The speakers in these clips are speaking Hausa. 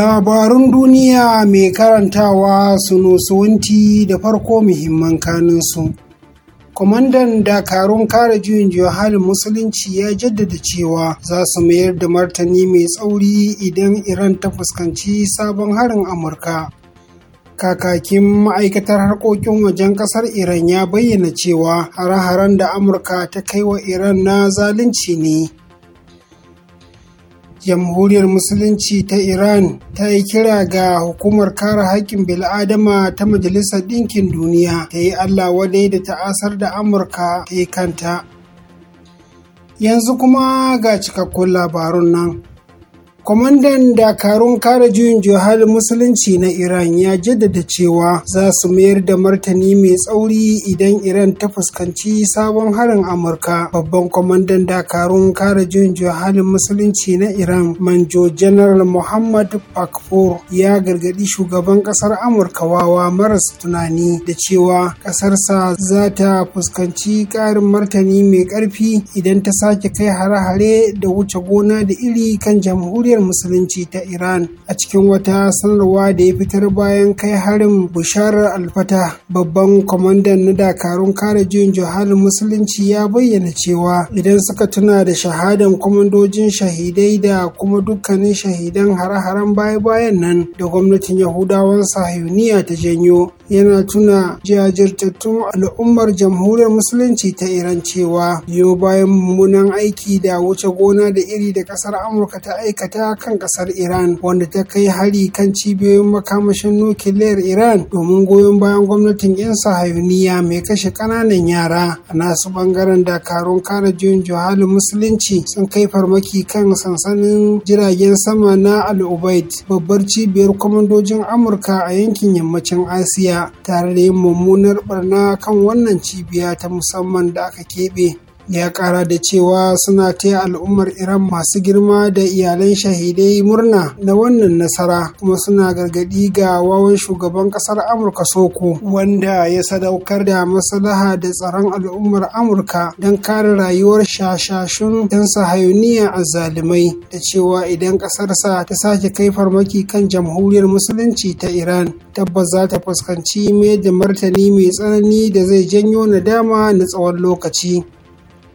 Labarun duniya mai karantawa su suwanti da farko muhimman kaninsu. Kwamandan dakarun kare juyin juhalin musulunci ya jaddada cewa za su mayar da martani mai tsauri idan Iran ta fuskanci sabon harin Amurka. kakakin ma'aikatar harkokin wajen ƙasar iran ya bayyana cewa hare-haren da amurka ta kai wa iran na zalunci ne jamhuriyar musulunci ta iran ta yi kira ga hukumar kare haƙƙin bil'adama ta majalisar ɗinkin duniya ta yi allah wadai da ta'asar da amurka ta yi kanta yanzu kuma ga cikakkun labarun nan kwamandan dakarun kare juyin juhalin musulunci na iran ya jaddada cewa za su mayar da martani mai tsauri idan iran ta fuskanci sabon harin amurka babban kwamandan dakarun kare juyin juhalin musulunci na iran manjo general muhammad pakpor ya gargadi shugaban kasar amurka wawa maras tunani da cewa kasarsa za ta fuskanci karin martani mai karfi idan ta sake kai hare-hare da wuce gona da iri kan jamhuriyar jamhuriyar musulunci ta iran a cikin wata sanarwa da ya fitar bayan kai harin busharar alfata babban kwamandan na dakarun kare juyin johalin musulunci ya bayyana cewa idan suka tuna da shahadan kwamandojin shahidai da kuma dukkanin shahidan hare-haren baya-bayan nan da gwamnatin yahudawan sahiyuniya ta janyo yana tuna jajirtattun al'ummar jamhuriyar musulunci ta iran cewa biyo bayan mummunan aiki da wuce gona da iri da kasar amurka ta aikata ta kan ƙasar Iran wanda ta kai hari kan cibiyoyin makamashin nukiliyar Iran domin goyon bayan gwamnatin 'yan sahayuniya mai kashe ƙananan yara. A nasu ɓangaren dakarun kare juyin juhalin musulunci sun kai farmaki kan sansanin jiragen sama na Al-Ubaid babbar cibiyar kwamandojin Amurka a yankin yammacin Asiya tare da yin mummunar barna kan wannan cibiya ta musamman da aka keɓe. ya ƙara da cewa suna taya al'ummar iran masu girma da iyalan shahidai murna na wannan nasara kuma suna gargadi ga wawan shugaban ƙasar amurka soko wanda ya sadaukar da maslaha da tsaron al'ummar amurka don kare rayuwar shashashun yan sahayuniya a zalimai da cewa idan kasarsa ta sake kai farmaki kan jamhuriyar musulunci ta iran tabbas za ta fuskanci mai da martani mai tsanani da zai janyo nadama na tsawon lokaci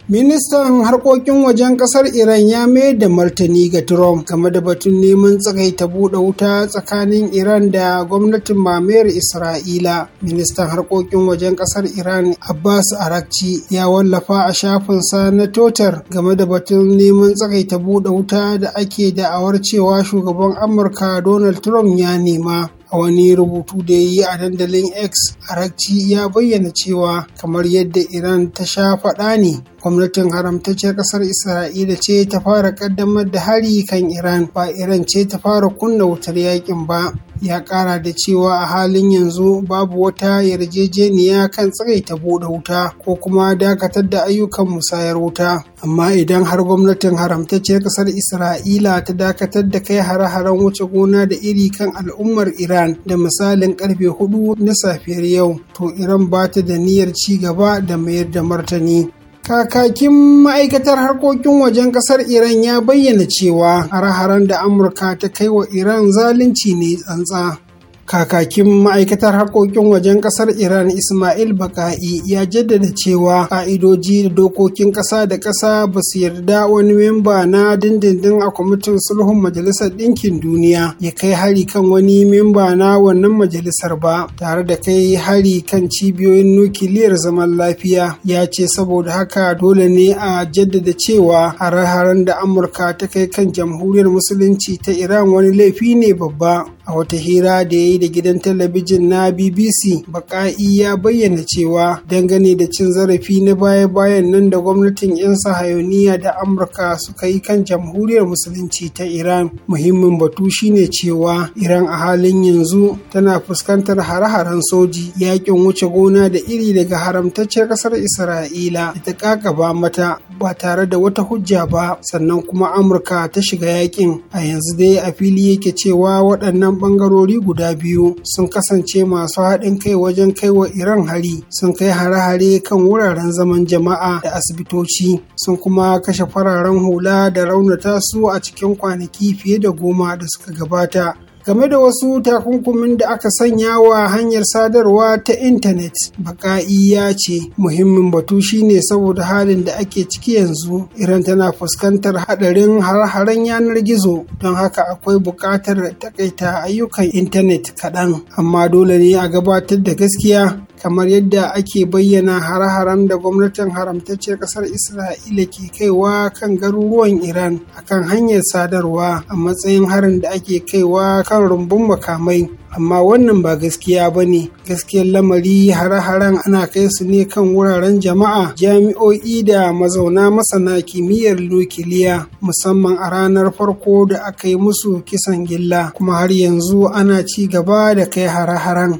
Ministan harkokin wajen kasar Iran ya mayar da martani ga Trump game da batun neman tsagaita buɗe wuta tsakanin Iran da gwamnatin mamayar Isra'ila. Ministan harkokin wajen kasar Iran Abbas Arakci ya wallafa a shafinsa na Totar game da batun neman tsagaita buɗe wuta da ake da'awar cewa shugaban Amurka Donald Trump ya nema. a wani rubutu da ya yi a dandalin x arakci ya bayyana cewa kamar yadda iran ta sha faɗa ne gwamnatin haramtaccen kasar isra'ila ce ta fara kaddamar da hari kan iran ba iran ce ta fara kunna wutar yakin ba ya kara da cewa a halin yanzu babu wata yarjejeniya kan tsagaita buɗe wuta ko kuma dakatar da ayyukan musayar wuta amma idan har gwamnatin haramtaccen ƙasar isra'ila ta dakatar da kai hare-haren wuce gona da iri kan al'ummar iran da misalin karfe hudu na safiyar yau to iran ba ta da niyyar ci gaba da mayar da martani kakakin ma'aikatar harkokin wajen kasar iran ya bayyana cewa har da amurka ta kai wa iran zalunci ne tsantsa kakakin ma'aikatar harkokin wajen ƙasar iran ismail baka'i ya jaddada cewa ka'idoji da dokokin kasa da kasa ba su yarda wani memba na dindindin a kwamitin sulhun majalisar ɗinkin duniya ya kai hari kan wani memba na wannan majalisar ba tare da kai hari kan cibiyoyin nukiliyar zaman lafiya ya ce saboda haka dole ne a jaddada cewa hare-haren da amurka ta kai kan jamhuriyar musulunci ta iran wani laifi ne babba A wata hira da ya yi da gidan talabijin na BBC, Baka'i ya bayyana cewa dangane da cin zarafi na baya-bayan nan da gwamnatin 'yan sahayoniya da Amurka suka yi kan jamhuriyar musulunci ta Iran, muhimmin batu shine cewa Iran a halin yanzu tana fuskantar hare-haren soji yakin wuce gona da iri daga haramtacciyar ƙasar Isra'ila da ta kakaba mata ba tare da wata hujja ba, sannan kuma Amurka ta shiga yakin a yanzu dai a fili yake cewa waɗannan waɗannan bangarori guda biyu sun kasance masu haɗin kai wajen kai wa Iran hari sun kai hare-hare kan wuraren zaman jama'a da asibitoci sun kuma kashe fararen hula da raunata su a cikin kwanaki fiye da goma da suka gabata game da wasu takunkumin da aka sanya wa hanyar sadarwa ta intanet baka'i ya ce muhimmin batu shine saboda halin da ake ciki yanzu iran tana fuskantar hadarin har-haren yanar gizo don haka akwai buƙatar takaita ayyukan intanet kaɗan amma dole ne a gabatar da gaskiya kamar yadda ake bayyana hare-haren da gwamnatin haramtacciyar ƙasar isra'ila ke kaiwa kan garuruwan iran akan hanyar sadarwa a matsayin harin da ake kaiwa kan rumbun makamai amma wannan ba gaskiya ba ne gaskiyar lamari hare-haren ana kai su ne kan wuraren jama'a jami'o'i da mazauna masana kimiyyar nukiliya musamman a ranar farko da aka yi musu kisan gilla kuma har yanzu ana ci gaba da kai hare-haren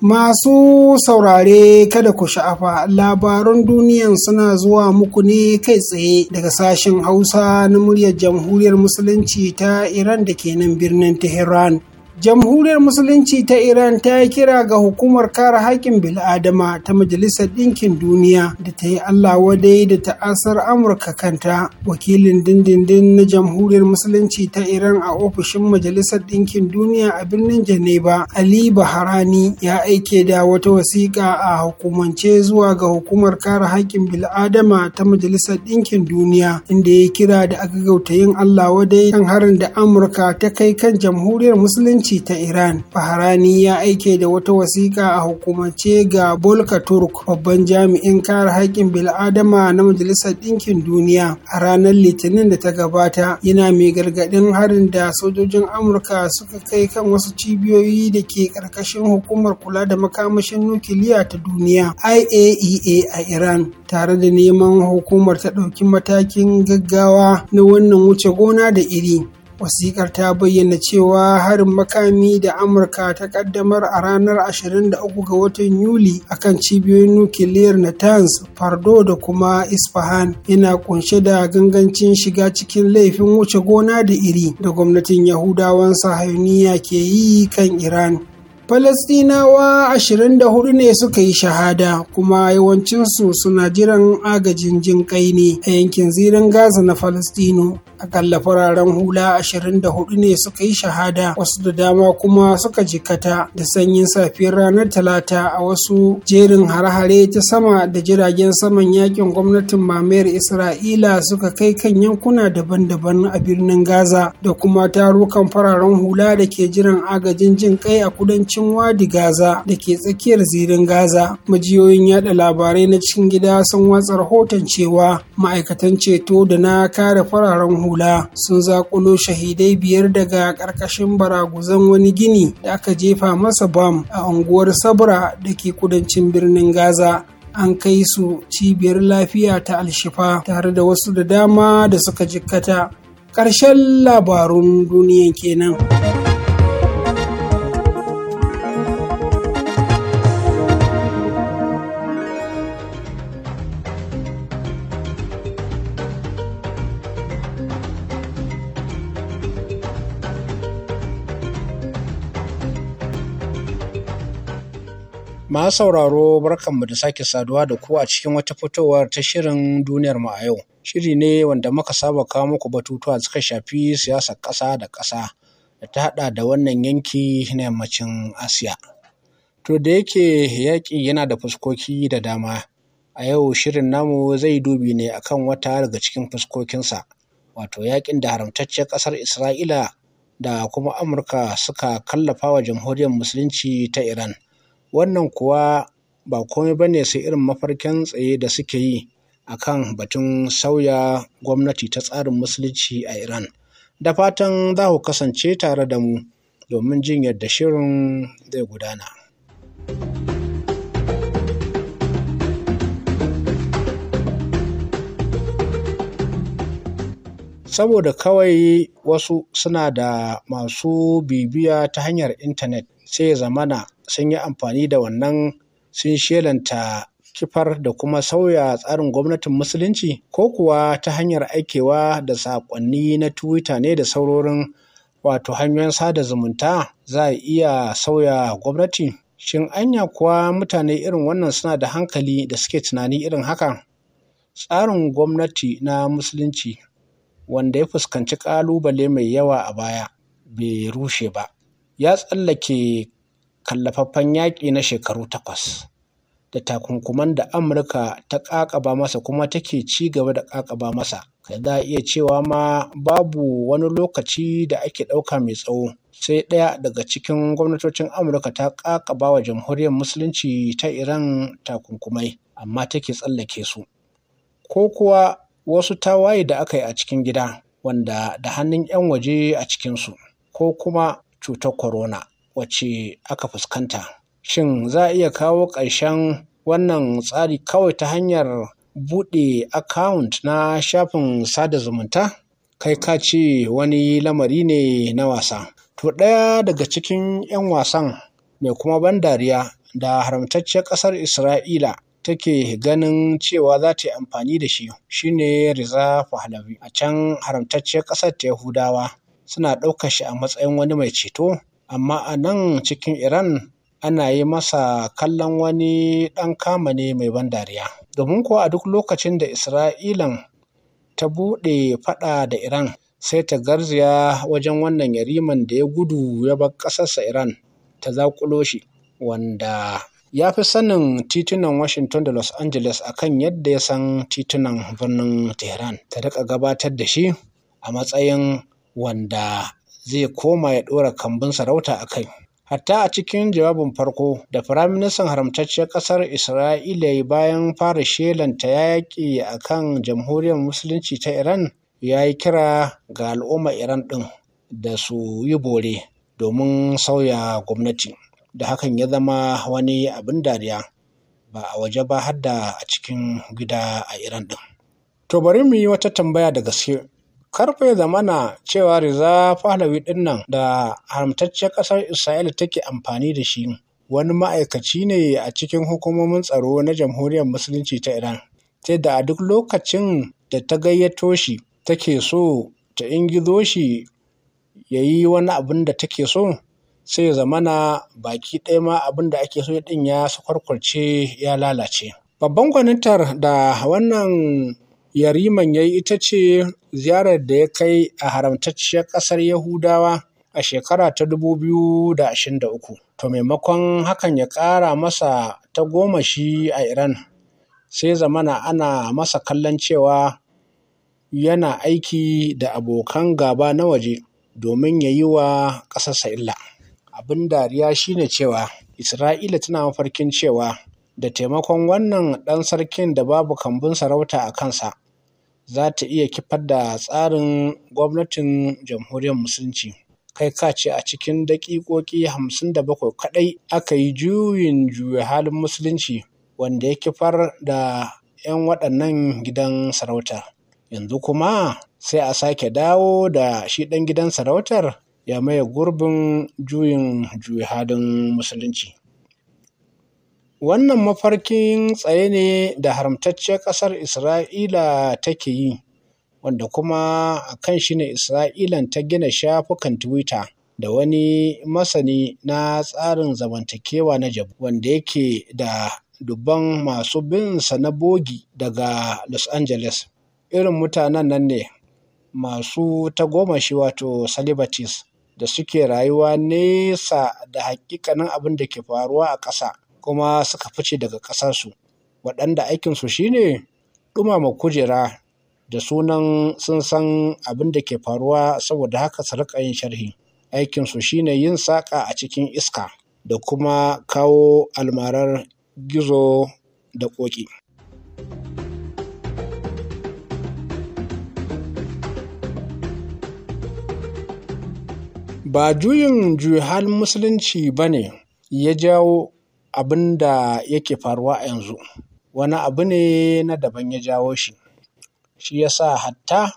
Masu saurare kada ku sha'afa labarun duniyan suna zuwa muku ne kai tsaye daga sashen Hausa na muryar Jamhuriyar Musulunci ta Iran da ke nan birnin Tehran. Jamhuriyar Musulunci ta Iran ta yi kira ga hukumar kare haƙƙin bil'adama ta Majalisar Ɗinkin Duniya da ta yi Allah wadai da ta'asar Amurka kanta. Wakilin dindindin na Jamhuriyar Musulunci ta Iran a ofishin Majalisar Ɗinkin Duniya a birnin janeba Ali Baharani ya aike da wata wasiƙa a hukumance zuwa ga hukumar kare haƙƙin bil'adama ta Majalisar Ɗinkin Duniya inda ya kira da aka gauta yin Allah wadai kan harin da Amurka ta kai kan Jamhuriyar Musulunci Musulunci ta Iran, Bahrani ya aike da wata wasiƙa a hukumance ga Bolka Turk, babban jami'in kare haƙƙin bil'adama na Majalisar Ɗinkin Duniya a ranar Litinin da ta gabata, yana mai gargaɗin harin da sojojin Amurka suka kai kan wasu cibiyoyi da ke ƙarƙashin hukumar kula da makamashin nukiliya ta duniya IAEA e a Iran, tare da neman hukumar ta ɗauki matakin gaggawa na wannan wuce gona da iri. Wasiƙar ta bayyana cewa harin makami da Amurka ta ƙaddamar a ranar 23 ga watan Yuli akan cibiyoyin nukiliyar Natanz, Fardo da kuma Isfahan yana kunshe da gangancin shiga cikin laifin wuce gona da iri da gwamnatin Yahudawan Sahayuniya ke yi kan Iran. Falasɗinawa 24 ne suka yi shahada kuma yawancinsu suna jiran agajin jin kai ne a yankin zirin Gaza na Falasɗinu. Akalla fararen hula 24 ne suka yi shahada wasu da dama kuma suka jikata da sanyin safiyar ranar Talata a wasu jerin hare-hare ta sama da jiragen saman yakin gwamnatin mamayar Isra'ila suka kai kan yankuna daban-daban a birnin Gaza da kuma tarukan fararen hula da ke jiran agajin jin kai a kudanci yammacin Wadi Gaza da ke tsakiyar zirin Gaza. Majiyoyin yada labarai na cikin gida sun watsa rahoton cewa ma'aikatan ceto da na kare fararen hula sun zakulo shahidai biyar daga ƙarƙashin baraguzan wani gini da aka jefa masa bam a unguwar Sabra da ke kudancin birnin Gaza. an kai su cibiyar lafiya ta alshifa tare da wasu da dama da suka jikkata. Ƙarshen labarun duniyan kenan. Ma sauraro barkanmu da sake saduwa da ku a cikin wata fitowar ta shirin duniyar mu a yau. Shiri ne wanda muka saba kawo muku batutuwa suka shafi siyasar ƙasa da ƙasa da ta haɗa da wannan yanki na yammacin Asiya. To da yake yaƙi yana da fuskoki da dama, a yau shirin namu zai dubi ne akan wata daga cikin fuskokinsa, wato yaƙin da haramtacciyar ƙasar Isra'ila da kuma Amurka suka kallafa wa jamhuriyar Musulunci ta Iran. Wannan kuwa ba komai ba ne sai irin mafarkin tsaye da suke yi a kan batun sauya gwamnati ta tsarin musulunci a Iran. Da fatan za ku kasance tare da mu domin jin yadda shirin zai gudana. saboda kawai wasu suna da masu bibiya ta hanyar intanet sai zamana sun yi amfani da wannan sun shelanta kifar da kuma sauya tsarin gwamnatin musulunci ko kuwa ta hanyar aikewa da saƙonni na twitter ne da saurorin wato hanyoyin sada zumunta za a iya sauya gwamnati shin anya kuwa mutane irin wannan suna da hankali da suke tunani irin haka tsarin gwamnati na musulunci wanda ya fuskanci ƙalubale mai yawa a baya bai rushe ba ya tsallake kallafaffen yaƙi na shekaru takwas da takunkuman da amurka ta ƙaƙaba masa kuma take ci gaba da ƙaƙaba masa kai za a iya cewa ma babu wani lokaci da ake ɗauka mai tsawo sai ɗaya daga cikin gwamnatocin amurka ta ƙaƙaba wa jamhuriyar musulunci ta iran takunkumai amma take tsallake su ko kuwa wasu tawaye da aka yi a cikin gida wanda da hannun 'yan waje a cikinsu ko kuma cutar corona wacce aka fuskanta shin za a iya kawo ƙarshen wannan tsari kawai ta hanyar buɗe akawunt na shafin sada zumunta kai ka ce wani lamari ne na wasa to ɗaya daga cikin 'yan wasan mai kuma ban dariya da haramtacciyar ƙasar isra'ila take ganin cewa za ta yi amfani da shi shine Riza Pahlavi a can haramtacciyar ƙasar ta Yahudawa suna ɗaukar shi a matsayin wani mai ceto amma a nan cikin Iran ana yi masa kallon wani ɗan kama ne mai ban dariya. Domin kuwa a duk lokacin da Isra'ilan ta buɗe faɗa da Iran sai ta garziya wajen wannan yariman da ya gudu ya bar ƙasarsa Iran ta zaƙulo shi wanda ya fi sanin titunan Washington da Los Angeles kan yadda ya san titunan birnin Tehran ta rika gabatar da shi a matsayin wanda zai koma ya ɗora kambun sarauta a kai. Hatta a cikin jawabin farko da Firaministan haramtacciyar ƙasar Isra'ila ya bayan fara shelanta yaƙi a kan jamhuriyar Musulunci ta Iran ya yi kira ga al'umma Iran ɗin da su yi bore domin sauya gwamnati. Da hakan ya zama wani abin dariya ba a waje ba hadda a cikin gida a Iran ɗin. To bari mu yi wata tambaya da gaske. Karfe da mana zamana cewa riza Pahlavi ɗin nan da haramtacciyar ƙasar Isra'ila take amfani da shi wani ma'aikaci ne a cikin hukumomin tsaro na Jamhuriyar Musulunci ta Iran. Ta da a duk lokacin da ta gayyato shi take so ta ingizo shi ya yi wani abin da take so sai zamana baki ɗaya ma abin da ake so ɗin ya sakwarkwarce ya lalace. Babban gwanitar da wannan Yariman ya yi ita ce ziyarar da ya kai a haramtacciyar ƙasar Yahudawa a shekara ta 2023. To maimakon hakan ya ƙara masa ta goma shi a Iran, sai zamana ana masa kallon cewa yana aiki da abokan gaba na waje domin ya yi wa ƙasarsa illa. Abin dariya shine cewa Isra'ila tana mafarkin cewa da taimakon wannan ɗan sarkin da babu kambun sarauta a kansa. za ta iya kifar da tsarin gwamnatin jamhuriyar musulunci kai ka ce a cikin daƙiƙoƙi hamsin da bakwai kaɗai aka yi juyin juya halin musulunci wanda ya kifar da 'yan waɗannan gidan sarauta yanzu kuma sai a sake dawo da shi ɗan gidan sarautar ya maye gurbin juyin juya halin musulunci Wannan mafarkin tsaye ne da haramtacciyar ƙasar Isra'ila take yi, wanda kuma a kan shi ne Isra'ilan ta gina shafukan Twitter da wani masani na tsarin zamantakewa na jabu, wanda yake da dubban masu binsa na bogi daga Los Angeles. Irin mutanen nan ne masu shi wato celebrities da suke rayuwa nesa da hakikanin abin da ke faruwa a ƙasa. kuma suka fice daga ƙasarsu waɗanda aikinsu shine ɗumama kujera da sunan sun san abin da ke faruwa saboda haka su riƙa yin sharhi aikinsu shine yin saƙa a cikin iska da kuma kawo almarar gizo da ƙoƙi. ba juyin juhal musulunci ba ne ya jawo abin da yake faruwa a yanzu wani abu ne na daban ya jawo shi shi ya sa hatta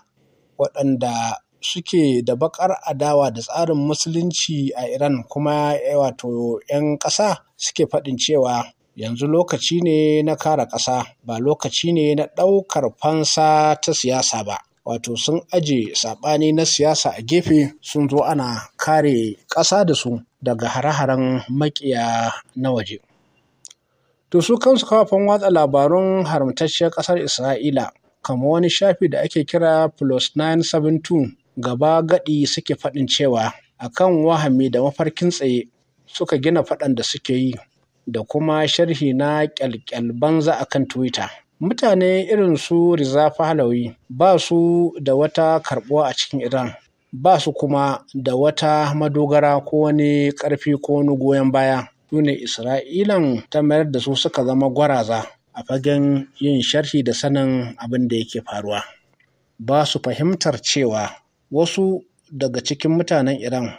waɗanda suke da baƙar adawa da tsarin musulunci a iran kuma eh, wato 'yan ƙasa suke faɗin cewa yanzu lokaci ne na kare ƙasa ba lokaci ne na ɗaukar fansa ta siyasa ba wato sun aje saɓani na siyasa a gefe sun zo ana kare ƙasa da su daga hare-haren maƙiya na waje To su kansu kafafen watsa labarun haramtacciyar ƙasar Isra'ila, kamar wani shafi da ake kira plus 972 gaba gadi suke faɗin cewa akan wahami da mafarkin tsaye suka gina faɗan da suke yi da kuma sharhi na ƙyalƙyal banza akan Twitter. Mutane irin su Riza Pahlawi ba su da wata karɓuwa a cikin Iran, ba su kuma da wata madogara ko wani ƙarfi ko wani goyon baya. su Isra'ilan ta mayar da su suka zama gwaraza a fagen yin sharhi da sanin abin da yake faruwa. Ba su fahimtar cewa wasu daga cikin mutanen Iran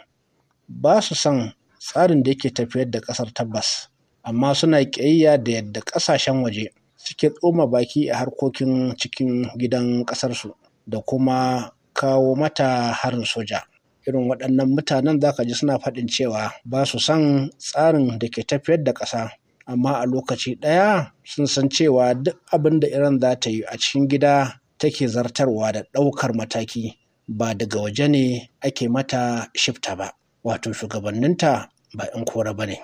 ba su son tsarin da yake tafiyar da ƙasar tabbas, amma suna ƙiyayya da yadda ƙasashen waje suke tsoma baki a harkokin cikin gidan ƙasarsu da kuma kawo mata harin soja. irin waɗannan mutanen za ka ji suna faɗin cewa ba su son tsarin da ke tafiyar da ƙasa amma a lokaci ɗaya sun san cewa duk abin da iran za ta yi a cikin gida take zartarwa da ɗaukar mataki ba daga waje ne ake mata shifta ba wato shugabanninta ba in kora ba ne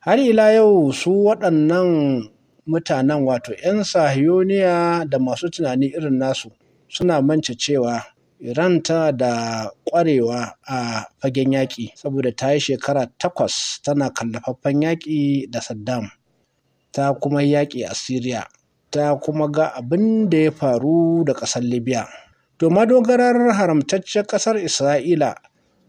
har ila yau su waɗannan mutanen wato 'yan sahiyoniya da masu tunani irin nasu suna mance cewa Iran tana da ƙwarewa a fagen yaƙi saboda ta yi shekara takwas tana kallafaffen yaƙi da Saddam, ta kuma yaƙi a Siriya, ta kuma ga abin da ya faru da ƙasar Libya. To madogarar haramtaccen ƙasar Isra'ila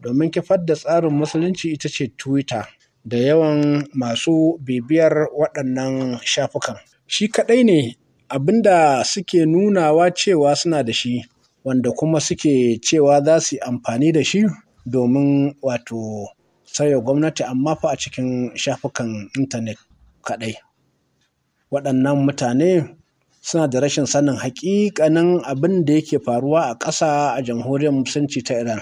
domin kifar da tsarin musulunci ita ce Twitter da yawan masu bibiyar waɗannan shafukan. Shi kaɗai ne abin da suke nunawa cewa suna da shi. wanda kuma suke cewa za su yi amfani da shi domin wato sauya gwamnati amma fa a cikin shafukan intanet kaɗai. Waɗannan mutane suna da rashin sanin haƙiƙanin abin da yake faruwa a ƙasa a jamhuriyar musulunci ta Iran.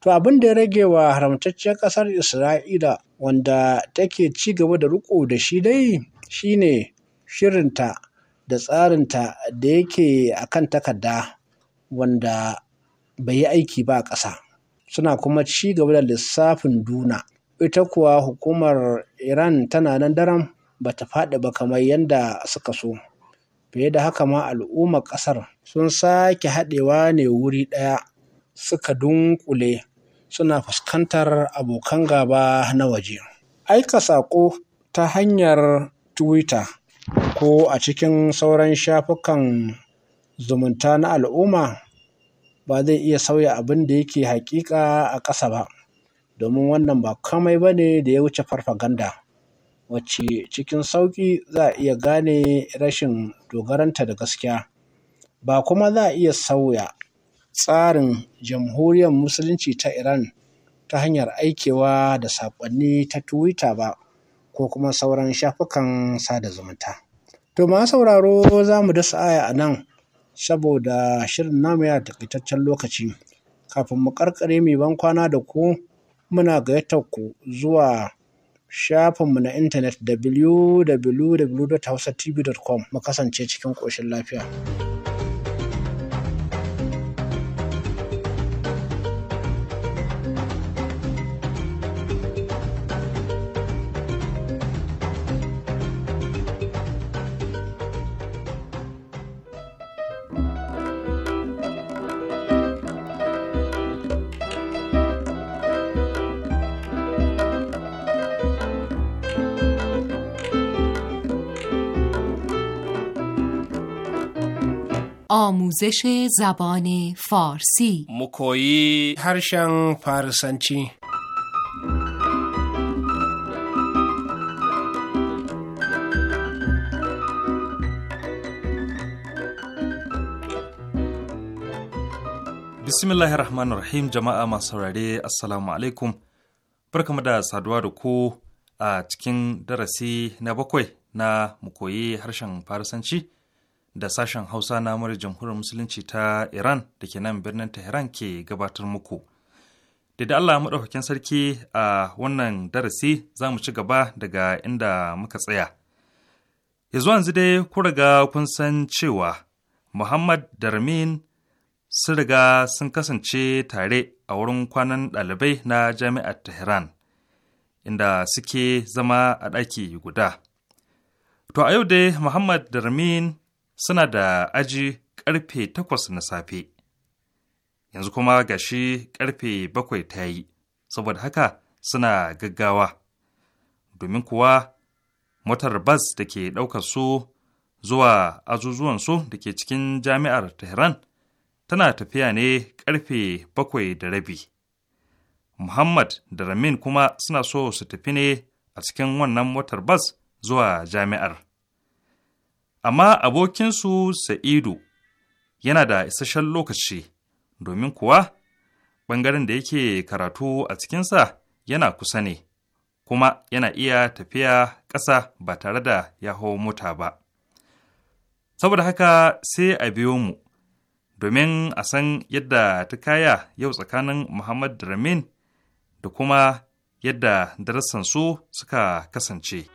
To abin da ya rage wa haramtacciyar ƙasar Isra'ila wanda take ci gaba da riƙo da shi dai shine shirinta da tsarinta da yake kan takarda wanda bai yi aiki ba a ƙasa suna kuma ci gaba da lissafin duna ita kuwa hukumar iran tana nan daram ba ta faɗi ba kamar yadda suka so fiye da haka ma al'ummar ƙasar sun sake haɗewa ne wuri ɗaya suka dunƙule. suna fuskantar abokan gaba na waje aika saƙo ta hanyar twitter ko a cikin sauran shafukan zumunta na al'umma ba zai iya sauya abin da yake haƙiƙa a ƙasa ba domin wannan ba komai ba ne da ya wuce farfaganda wacce cikin sauƙi za a iya gane rashin dogaranta da gaskiya ba kuma za a iya sauya tsarin jamhuriyar musulunci ta iran ta hanyar aikewa da saƙonni ta twitter ba ko kuma sauran shafukan sada zumunta to ma sauraro za mu dasa aya a nan saboda shirin namu yana takaitaccen lokaci. Kafin mu karkare mai ban kwana da ku muna gayyatar ku zuwa shafinmu na intanet www.hausatv.com mu kasance cikin ƙoshin lafiya. آموزش زبان فارسی مکویی harshen فارسنچی bismillahir rahman rahim jama'a masu saurare assalamu alaikum barkamu da saduwa da ku a cikin darasi na bakwai na mukoyi harshen farisanci da sashen Hausa na mara Jamhuriyar Musulunci ta Iran da ke nan birnin Tehran ke gabatar muku. Da Allah maɗaukakin sarki a wannan darasi za mu ci gaba daga inda muka tsaya. Ya zuwa yanzu dai ku riga kun san cewa Muhammad Darmin sun riga sun kasance tare a wurin kwanan ɗalibai na Jami'ar Tehran, inda suke zama a ɗaki guda. To a yau dai Muhammad Darmin suna da aji ƙarfe takwas na safe. Yanzu kuma gashi ƙarfe bakwai ta yi, saboda haka suna gaggawa. Domin kuwa motar bas da ke ɗaukar su zuwa azuzuwansu da ke cikin jami'ar Tehran tana tafiya ne ƙarfe bakwai da rabi. Muhammad da Ramin kuma suna so su tafi ne a cikin wannan motar bas zuwa jami'ar. amma abokinsu Sa'idu yana da isasshen lokaci domin kuwa ɓangaren da yake karatu a cikinsa yana kusa ne, kuma yana iya tafiya ƙasa ba tare da ya hau mota ba. Saboda haka sai a biyo mu, domin a san yadda ta kaya yau tsakanin Muhammad Ramin da kuma yadda darasansu suka kasance.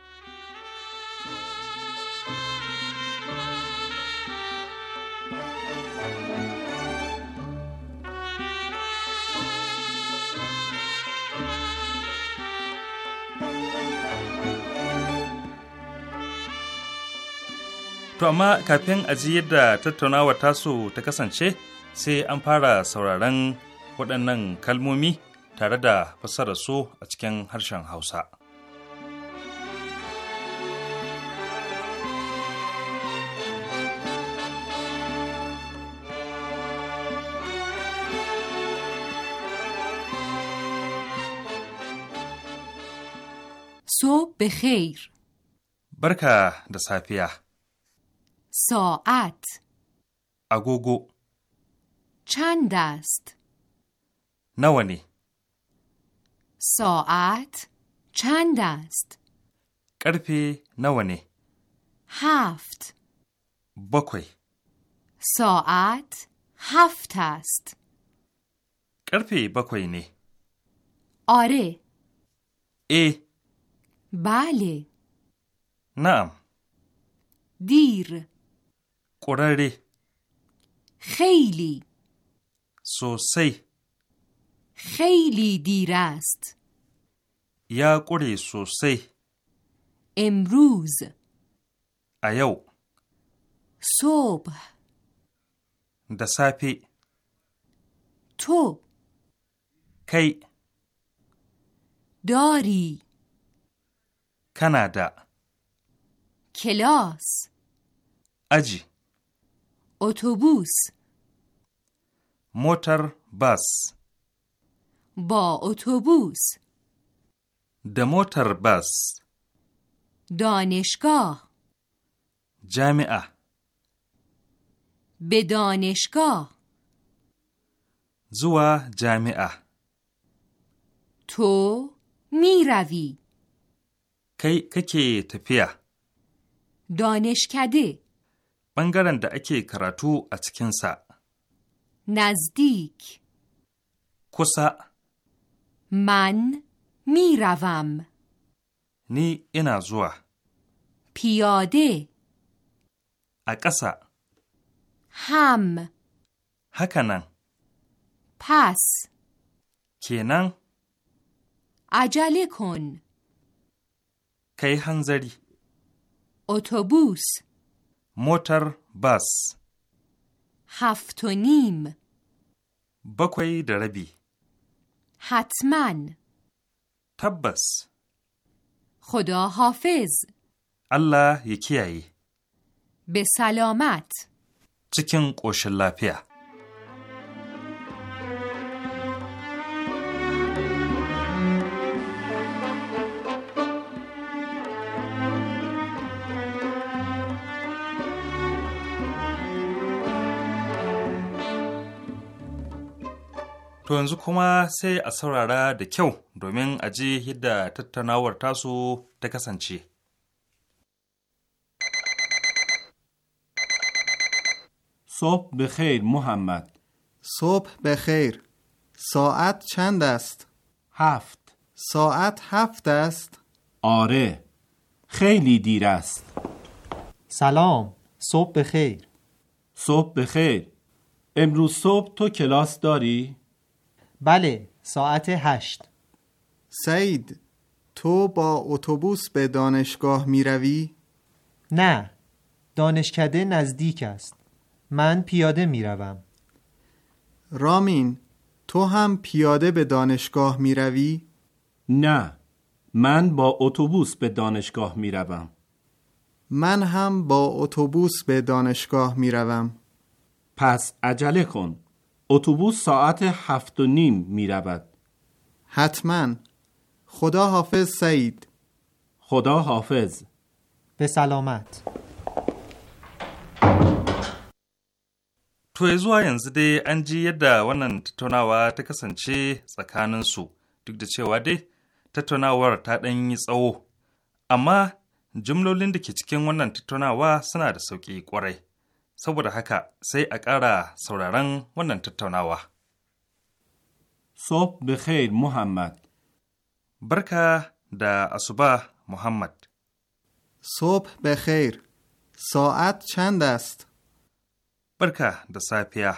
To amma kafin a ji yadda tattaunawa taso ta kasance sai an fara sauraron waɗannan kalmomi tare da fassara su a cikin harshen Hausa. So, barka da safiya. ساعت اگوگو چند است؟ نوانی ساعت چند است؟ کرپی نوانی هفت بکوی ساعت هفت است کرپی بکوی نی آره ای بله نام دیر قراره خیلی سوسی خیلی دیر است یا قره سوسی امروز ایو صبح دسافی تو کی داری کانادا کلاس اجی اتوبوس موتر بس با اتوبوس د موتر بس دانشگاه جامعه به دانشگاه زوا جامعه تو می روی کی ککی تپیه دانشکده ɓangaren da ake karatu a cikinsa. Nazdik Kusa Man miravam Ni ina zuwa. Piyade A ƙasa. Ham Hakanan. Pas Kenan. Ajalikon Kai hanzari. Otobus. موتر بس هفت و نیم بکوی دربی حتما تبس خدا حافظ الله یکیایی به سلامت چکن قوش لافیه To yanzu kuma sai a saurara da kyau domin a ji yadda tattaunawar tasu صبح بخیر محمد صبح بخیر ساعت چند است؟ هفت ساعت هفت است؟ آره خیلی دیر است سلام صبح بخیر صبح بخیر امروز صبح تو کلاس داری؟ بله ساعت هشت سعید تو با اتوبوس به دانشگاه می روی؟ نه دانشکده نزدیک است من پیاده می روم رامین تو هم پیاده به دانشگاه می روی؟ نه من با اتوبوس به دانشگاه می روم من هم با اتوبوس به دانشگاه می روم پس عجله کن اتوبوس ساعت هفت و نیم می رود. حتما خدا حافظ سعید خدا حافظ به سلامت To zuwa yanzu dai an ji yadda wannan tattaunawa ta kasance tsakaninsu duk da cewa dai tattaunawar ta ɗan yi tsawo, amma jumlolin da ke cikin wannan tattaunawa suna da sauƙi ƙwarai. saboda haka sai a ƙara sauraron wannan tattaunawa. Sof Bekhair Muhammad Barka da asuba Muhammad. Sob Bekhair, sa’ad chand ast? Barka da safiya.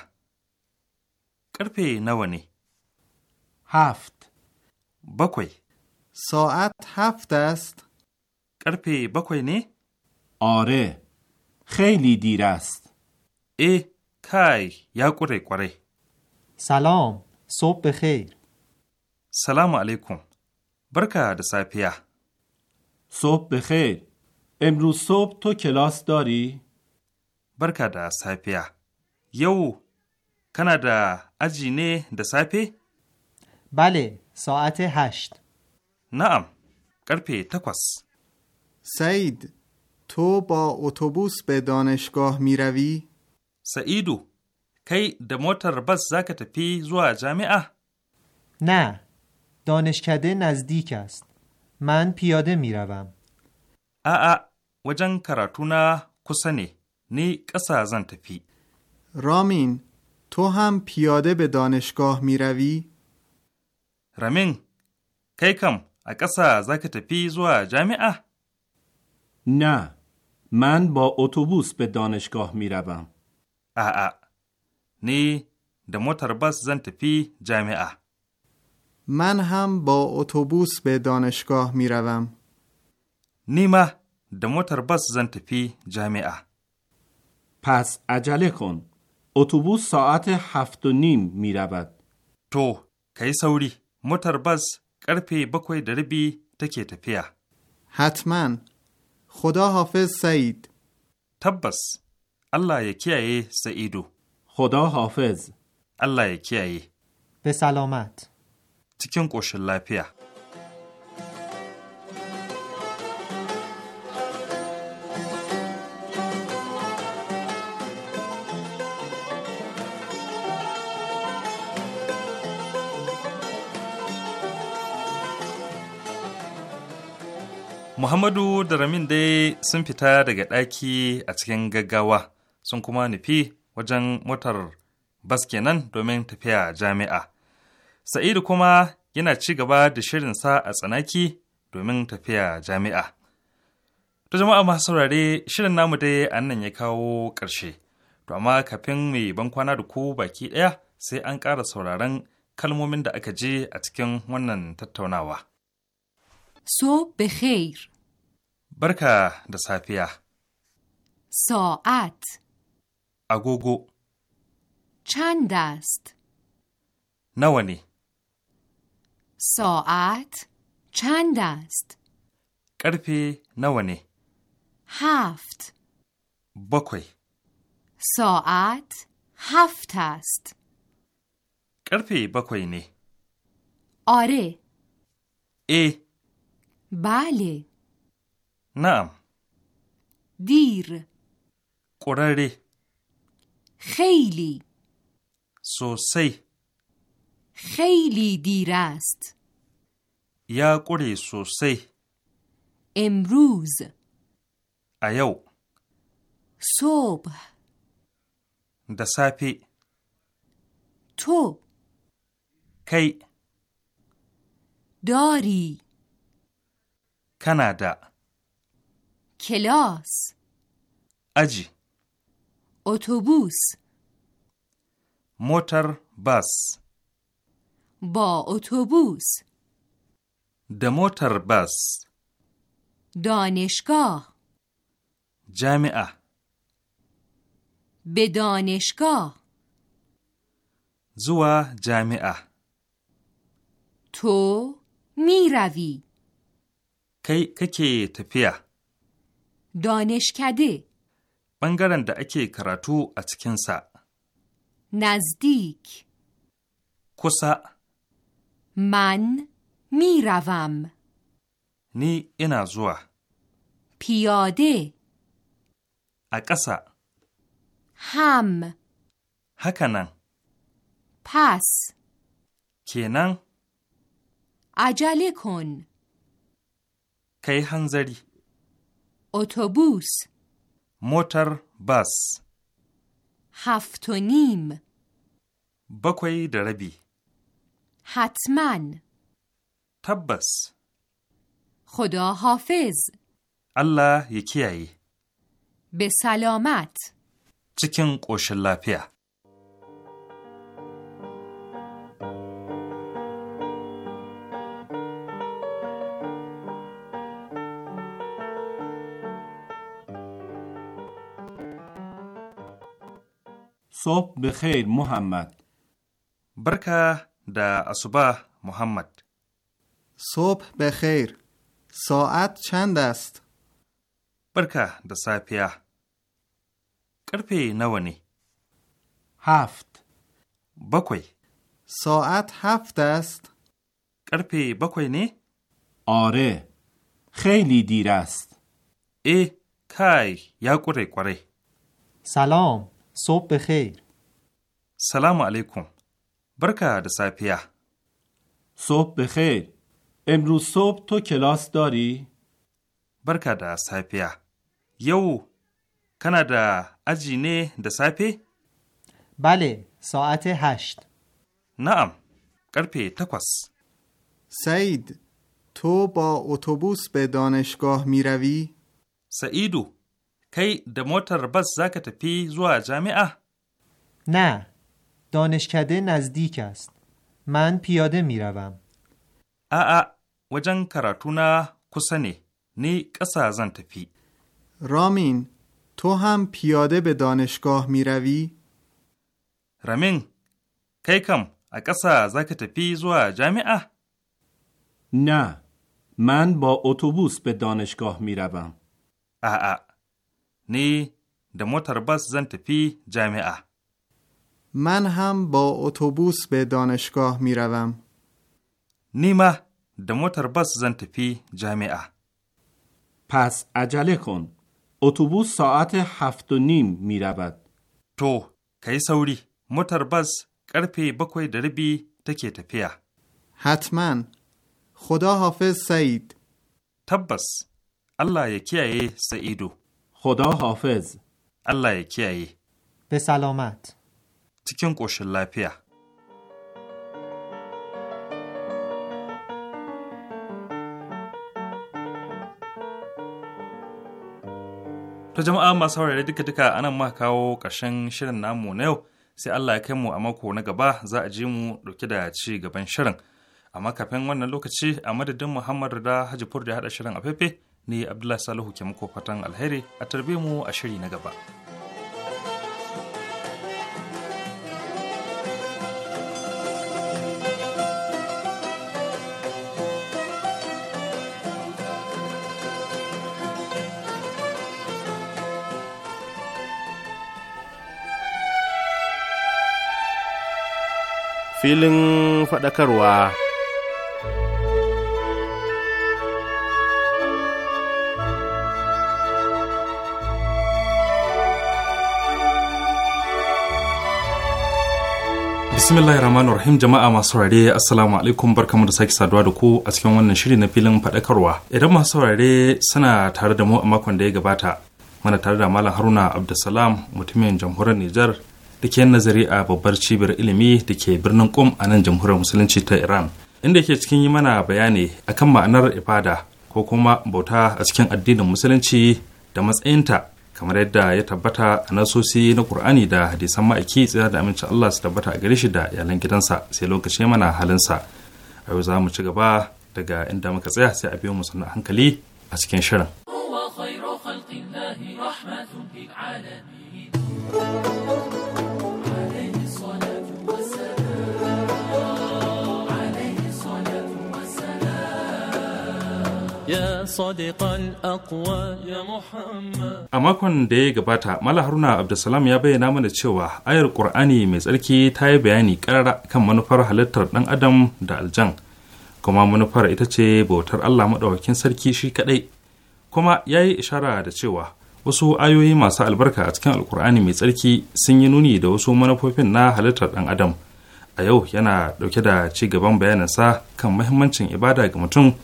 Ƙarfe nawa ne? Haft. Bakwai. Sa’ad haft ast? bakwai ne? Are, خیلی دیر است. ای کای یا قره قره سلام صبح بخیر سلام علیکم برکه د سایپیا صبح بخیر امروز صبح تو کلاس داری؟ برکه د سایپیا. یو کنا دا اجینه نه د بله ساعت هشت نعم قرپه تکوس سعید تو با اتوبوس به دانشگاه می روی؟ سعیدو کی د موتر بس زاک پی زوا جامعه نه دانشکده نزدیک است من پیاده میروم ا وجن کراتونا کسنه نی قسا زن تفی رامین تو هم پیاده به دانشگاه میروی رامین کی کم ا قسا زاک تفی زوا جامعه نه من با اتوبوس به دانشگاه میروم آ ni د motar زن zan جامعه من هم با اتوبوس به دانشگاه می روم. نیما د موتر بس زن تفی جامعه. پس عجله کن. اتوبوس ساعت هفت و نیم می رود. تو کی سوری متر بس کرپی بکوی دربی تکی تفیه. حتما. خدا حافظ سعید. تبس. Allah ya kiyaye Sa'idu. Hoda Hafez. Allah ya kiyaye. Be Cikin ƙoshin lafiya. Muhammadu da Ramin dai sun fita daga ɗaki a cikin gaggawa sun kuma nufi wajen motar bas kenan domin tafiya jami'a. Sa'idu kuma yana ci gaba da shirinsa a tsanaki domin tafiya jami'a. to jama'a masu saurare shirin namu dai a nan ya kawo ƙarshe. To amma kafin mai ban kwana da ku baki ɗaya sai an ƙara sauraron kalmomin da aka je a cikin wannan tattaunawa. So Barka da safiya. Sa'at. agogo چند است نوانی ساعت چند است کرپی نوانی هفت بکوی ساعت هفت است کرپی بکوی نی آره ای بله نام دیر قراره خیلی سوسی خیلی دیر است یا قره سوسی امروز ایو صبح د تو کی داری کانادا کلاس اجی اتوبوس موتر بس با اتوبوس د موتر بس دانشگاه جامعه به دانشگاه زوا جامعه تو می روی کی ککی تپیه دانشکده ɓangaren da ake karatu a cikinsa. Nazdik Kusa Man miravam Ni ina zuwa. Piyade A ƙasa Ham Hakanan Pas Kenan Ajalikon Kai hanzari Otobus موتر بس هفت و نیم بکوی دربی حتما تبس خدا حافظ الله یکی به سلامت چکن قوش لپیه صبح بخیر محمد برکه دا صبح محمد صبح بخیر ساعت چند است؟ برکه د ساپیه کرپی نوانی هفت بکوی ساعت هفت است؟ کرپی بکوی نی؟ آره خیلی دیر است ای کای یا کوری قره سلام صبح بخیر سلام علیکم برکه سپیه صبح بخیر امروز صبح تو کلاس داری؟ برکه دا سپیه یو کنا دا اجینه نه بله ساعت هشت نعم قرپی تکوس سعید تو با اتوبوس به دانشگاه می روی؟ سعیدو کی د موتر بس زکت تفی زوا جامعه نه دانشکده نزدیک است من پیاده میروم ا وجن کراتونا کسنه نی قسا زن تفی رامین تو هم پیاده به دانشگاه میروی رامین کی کم ا قسا زکه تفی زوا جامعه نه من با اتوبوس به دانشگاه میروم ا نی ده موتر بس زن تپی من هم با اتوبوس به دانشگاه می روم. نیمه ده موتر بس زن تپی پس عجله کن. اتوبوس ساعت هفت و نیم می رود. تو کی سوری بس کرپی بکوی دربی تکی تفیه. حتما خدا حافظ سعید. تبس الله یکیه سعیدو. خدا حافظ الله ya kiyaye به سلامت cikin ƙoshin lafiya ta jama'a masu haurare duka duka ana ma kawo ƙarshen shirin namu na yau sai Allah ya kai mu a mako na gaba za a je mu ɗauke da ci gaban shirin amma kafin wannan lokaci a madadin muhammadu da Hajifur da haɗa shirin a fefe ni abdullahi salihu ke muku fatan alheri a tarbe mu a shiri na gaba. filin faɗakarwa. Bismillahirrahmanirrahim rahim jama'a masu saurare assalamu alaikum barkamu da sake saduwa da ku a cikin wannan shiri na filin faɗakarwa idan masu saurare suna tare da mu a makon da ya gabata mana tare da malam haruna abdulsalam mutumin jamhuriyar nijar da ke nazari a babbar cibiyar ilimi da ke birnin kum a nan jamhuriyar musulunci ta iran inda ke cikin yi mana bayani akan ma'anar ibada ko kuma bauta a cikin addinin musulunci da matsayinta kamar yadda ya tabbata a nasosi na Kur'ani da hadisan ma'aiki tsira da amincin Allah su tabbata a gare shi da iyalan gidansa sai lokaci mana halinsa a yau za mu ci gaba daga inda muka tsaya sai a biyo mu sannan hankali a cikin shirin. Thank you. ya sadiqal aqwa ya muhammad a makon da ya gabata mala haruna abdulsalam ya bayyana mana cewa ayar qur'ani mai tsarki ta yi bayani karara kan manufar halittar dan adam da aljan kuma manufar ita ce bautar allah maɗaukakin sarki shi kaɗai kuma ya yi ishara da cewa wasu ayoyi masu albarka a cikin alkur'ani mai tsarki sun yi nuni da wasu manufofin na halittar dan adam a yau yana dauke da ci gaban bayaninsa kan mahimmancin ibada ga mutum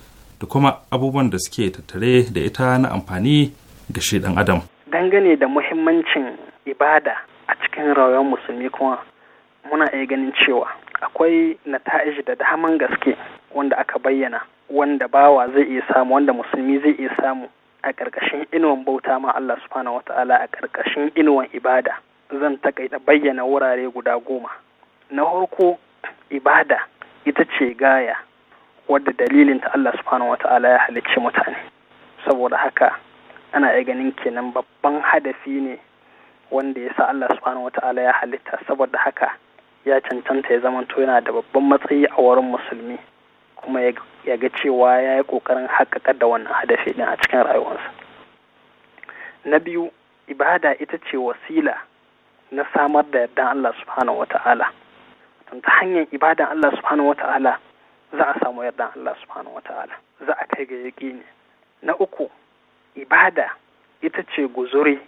da kuma abubuwan da suke tattare da ita na amfani ga shi dan adam. Dangane da muhimmancin ibada a cikin rayuwar musulmi kuma muna iya ganin cewa akwai nata'ij da daman gaske wanda aka bayyana wanda bawa zai iya samu wanda musulmi zai iya samu a ƙarƙashin inuwan bauta ma Allah subhanahu wa a ƙarƙashin inuwan ibada zan takaita bayyana wurare guda goma na farko ibada ita ce gaya wadda dalilin ta Allah subhanahu wata'ala ya halicci mutane saboda haka ana iya ganin kenan babban hadafi ne wanda ya sa Allah subhanahu wata'ala ya halitta saboda haka ya cancanta ya zamanto yana da babban matsayi a wurin musulmi kuma ya ga cewa ya yi ƙoƙarin haƙaƙa da wannan hadafi ne a cikin rayuwarsa. Na biyu, ibada ita ce wasila na samar da yardan Allah subhanahu wata'ala. ta hanyar ibadan Allah subhanahu wata'ala za a samu yardan Allah subhanahu ta'ala za a kai ga yaƙini na uku ibada ita ce guzuri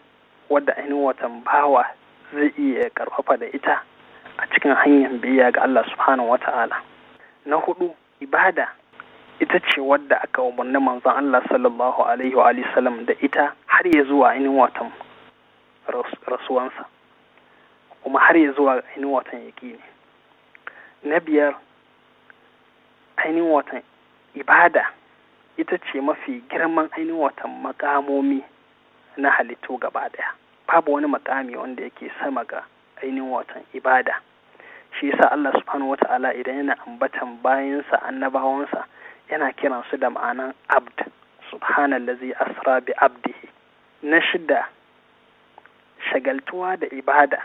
wadda ainihin watan bawa zai iya karfafa da ita a cikin hanyar biyya ga Allah subhanahu ta'ala. na hudu ibada ita ce wadda aka umarni manzon Allah sallallahu alaihi wa sallam da ita har ya zuwa ainihin watan rasuwansa kuma har ya zuwa ainihin watan yaƙini na biyar ainihin watan ibada ita ce mafi girman ainihin watan makamomi na halittu gaba ɗaya babu wani makami wanda yake sama ga ainihin watan ibada shi yasa Allah subhanahu wata'ala idan yana ambatan bayansa annabawansa yana kiran su da ma'anan abd subhanallazi asra bi abdihi na shida shagaltuwa da ibada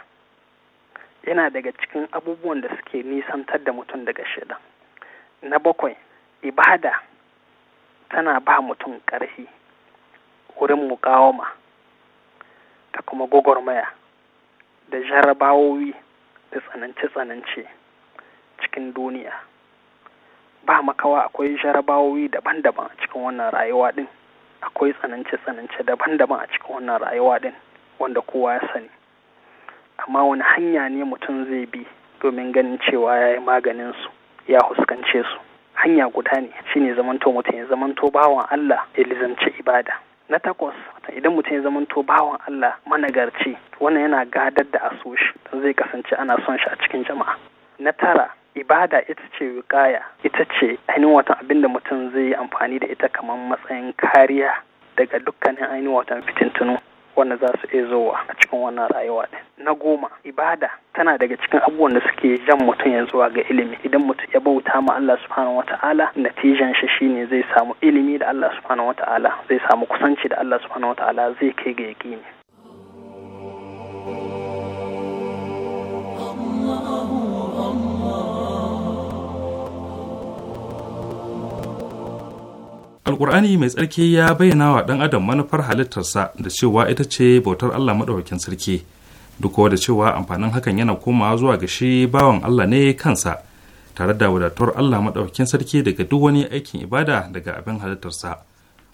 yana daga cikin abubuwan da suke nisantar da mutum daga shaidan na bakwai ibada tana ba mutum ƙarfi wurin mukawama ta kuma gwagwarmaya da jarabawowi da tsanance-tsanance cikin duniya ba makawa akwai jarabawowi daban-daban a cikin wannan rayuwa din akwai tsanance-tsanance daban-daban a cikin wannan rayuwa din wanda kowa ya sani amma wani hanya ne mutum zai bi domin ganin cewa ya yi maganinsu ya huskance su hanya guda ne shine zamanto mutum ya zamanto bawan Allah ya lizance ibada na takwas idan mutum ya zamanto bawan Allah managarci wannan yana gadar da asoshi don zai kasance ana son shi a cikin jama'a na tara ibada ita ce wikaya ita ce ainihin watan abin da mutum zai yi amfani da ita kamar matsayin kariya daga dukkanin ainihin watan fitintunu wanda za su iya zowa a cikin wannan rayuwa ɗin. Na goma, ibada tana daga cikin abubuwan da suke jan mutum ya zuwa ga ilimi. Idan mutum ya bauta ma Allah subhanahu wata'ala, natijan shi ne zai samu ilimi da Allah subhanahu wata'ala, zai samu kusanci da Allah subhanahu wata'ala zai kai ga yaƙini. alkur'ani mai tsarki ya bayyana wa ɗan adam manufar halittarsa da cewa ita ce bautar allah maɗaukin sarki duk da cewa amfanin hakan yana komawa zuwa ga shi bawan allah ne kansa tare da wadatuwar allah maɗaukin sarki daga duk wani aikin ibada daga abin halittarsa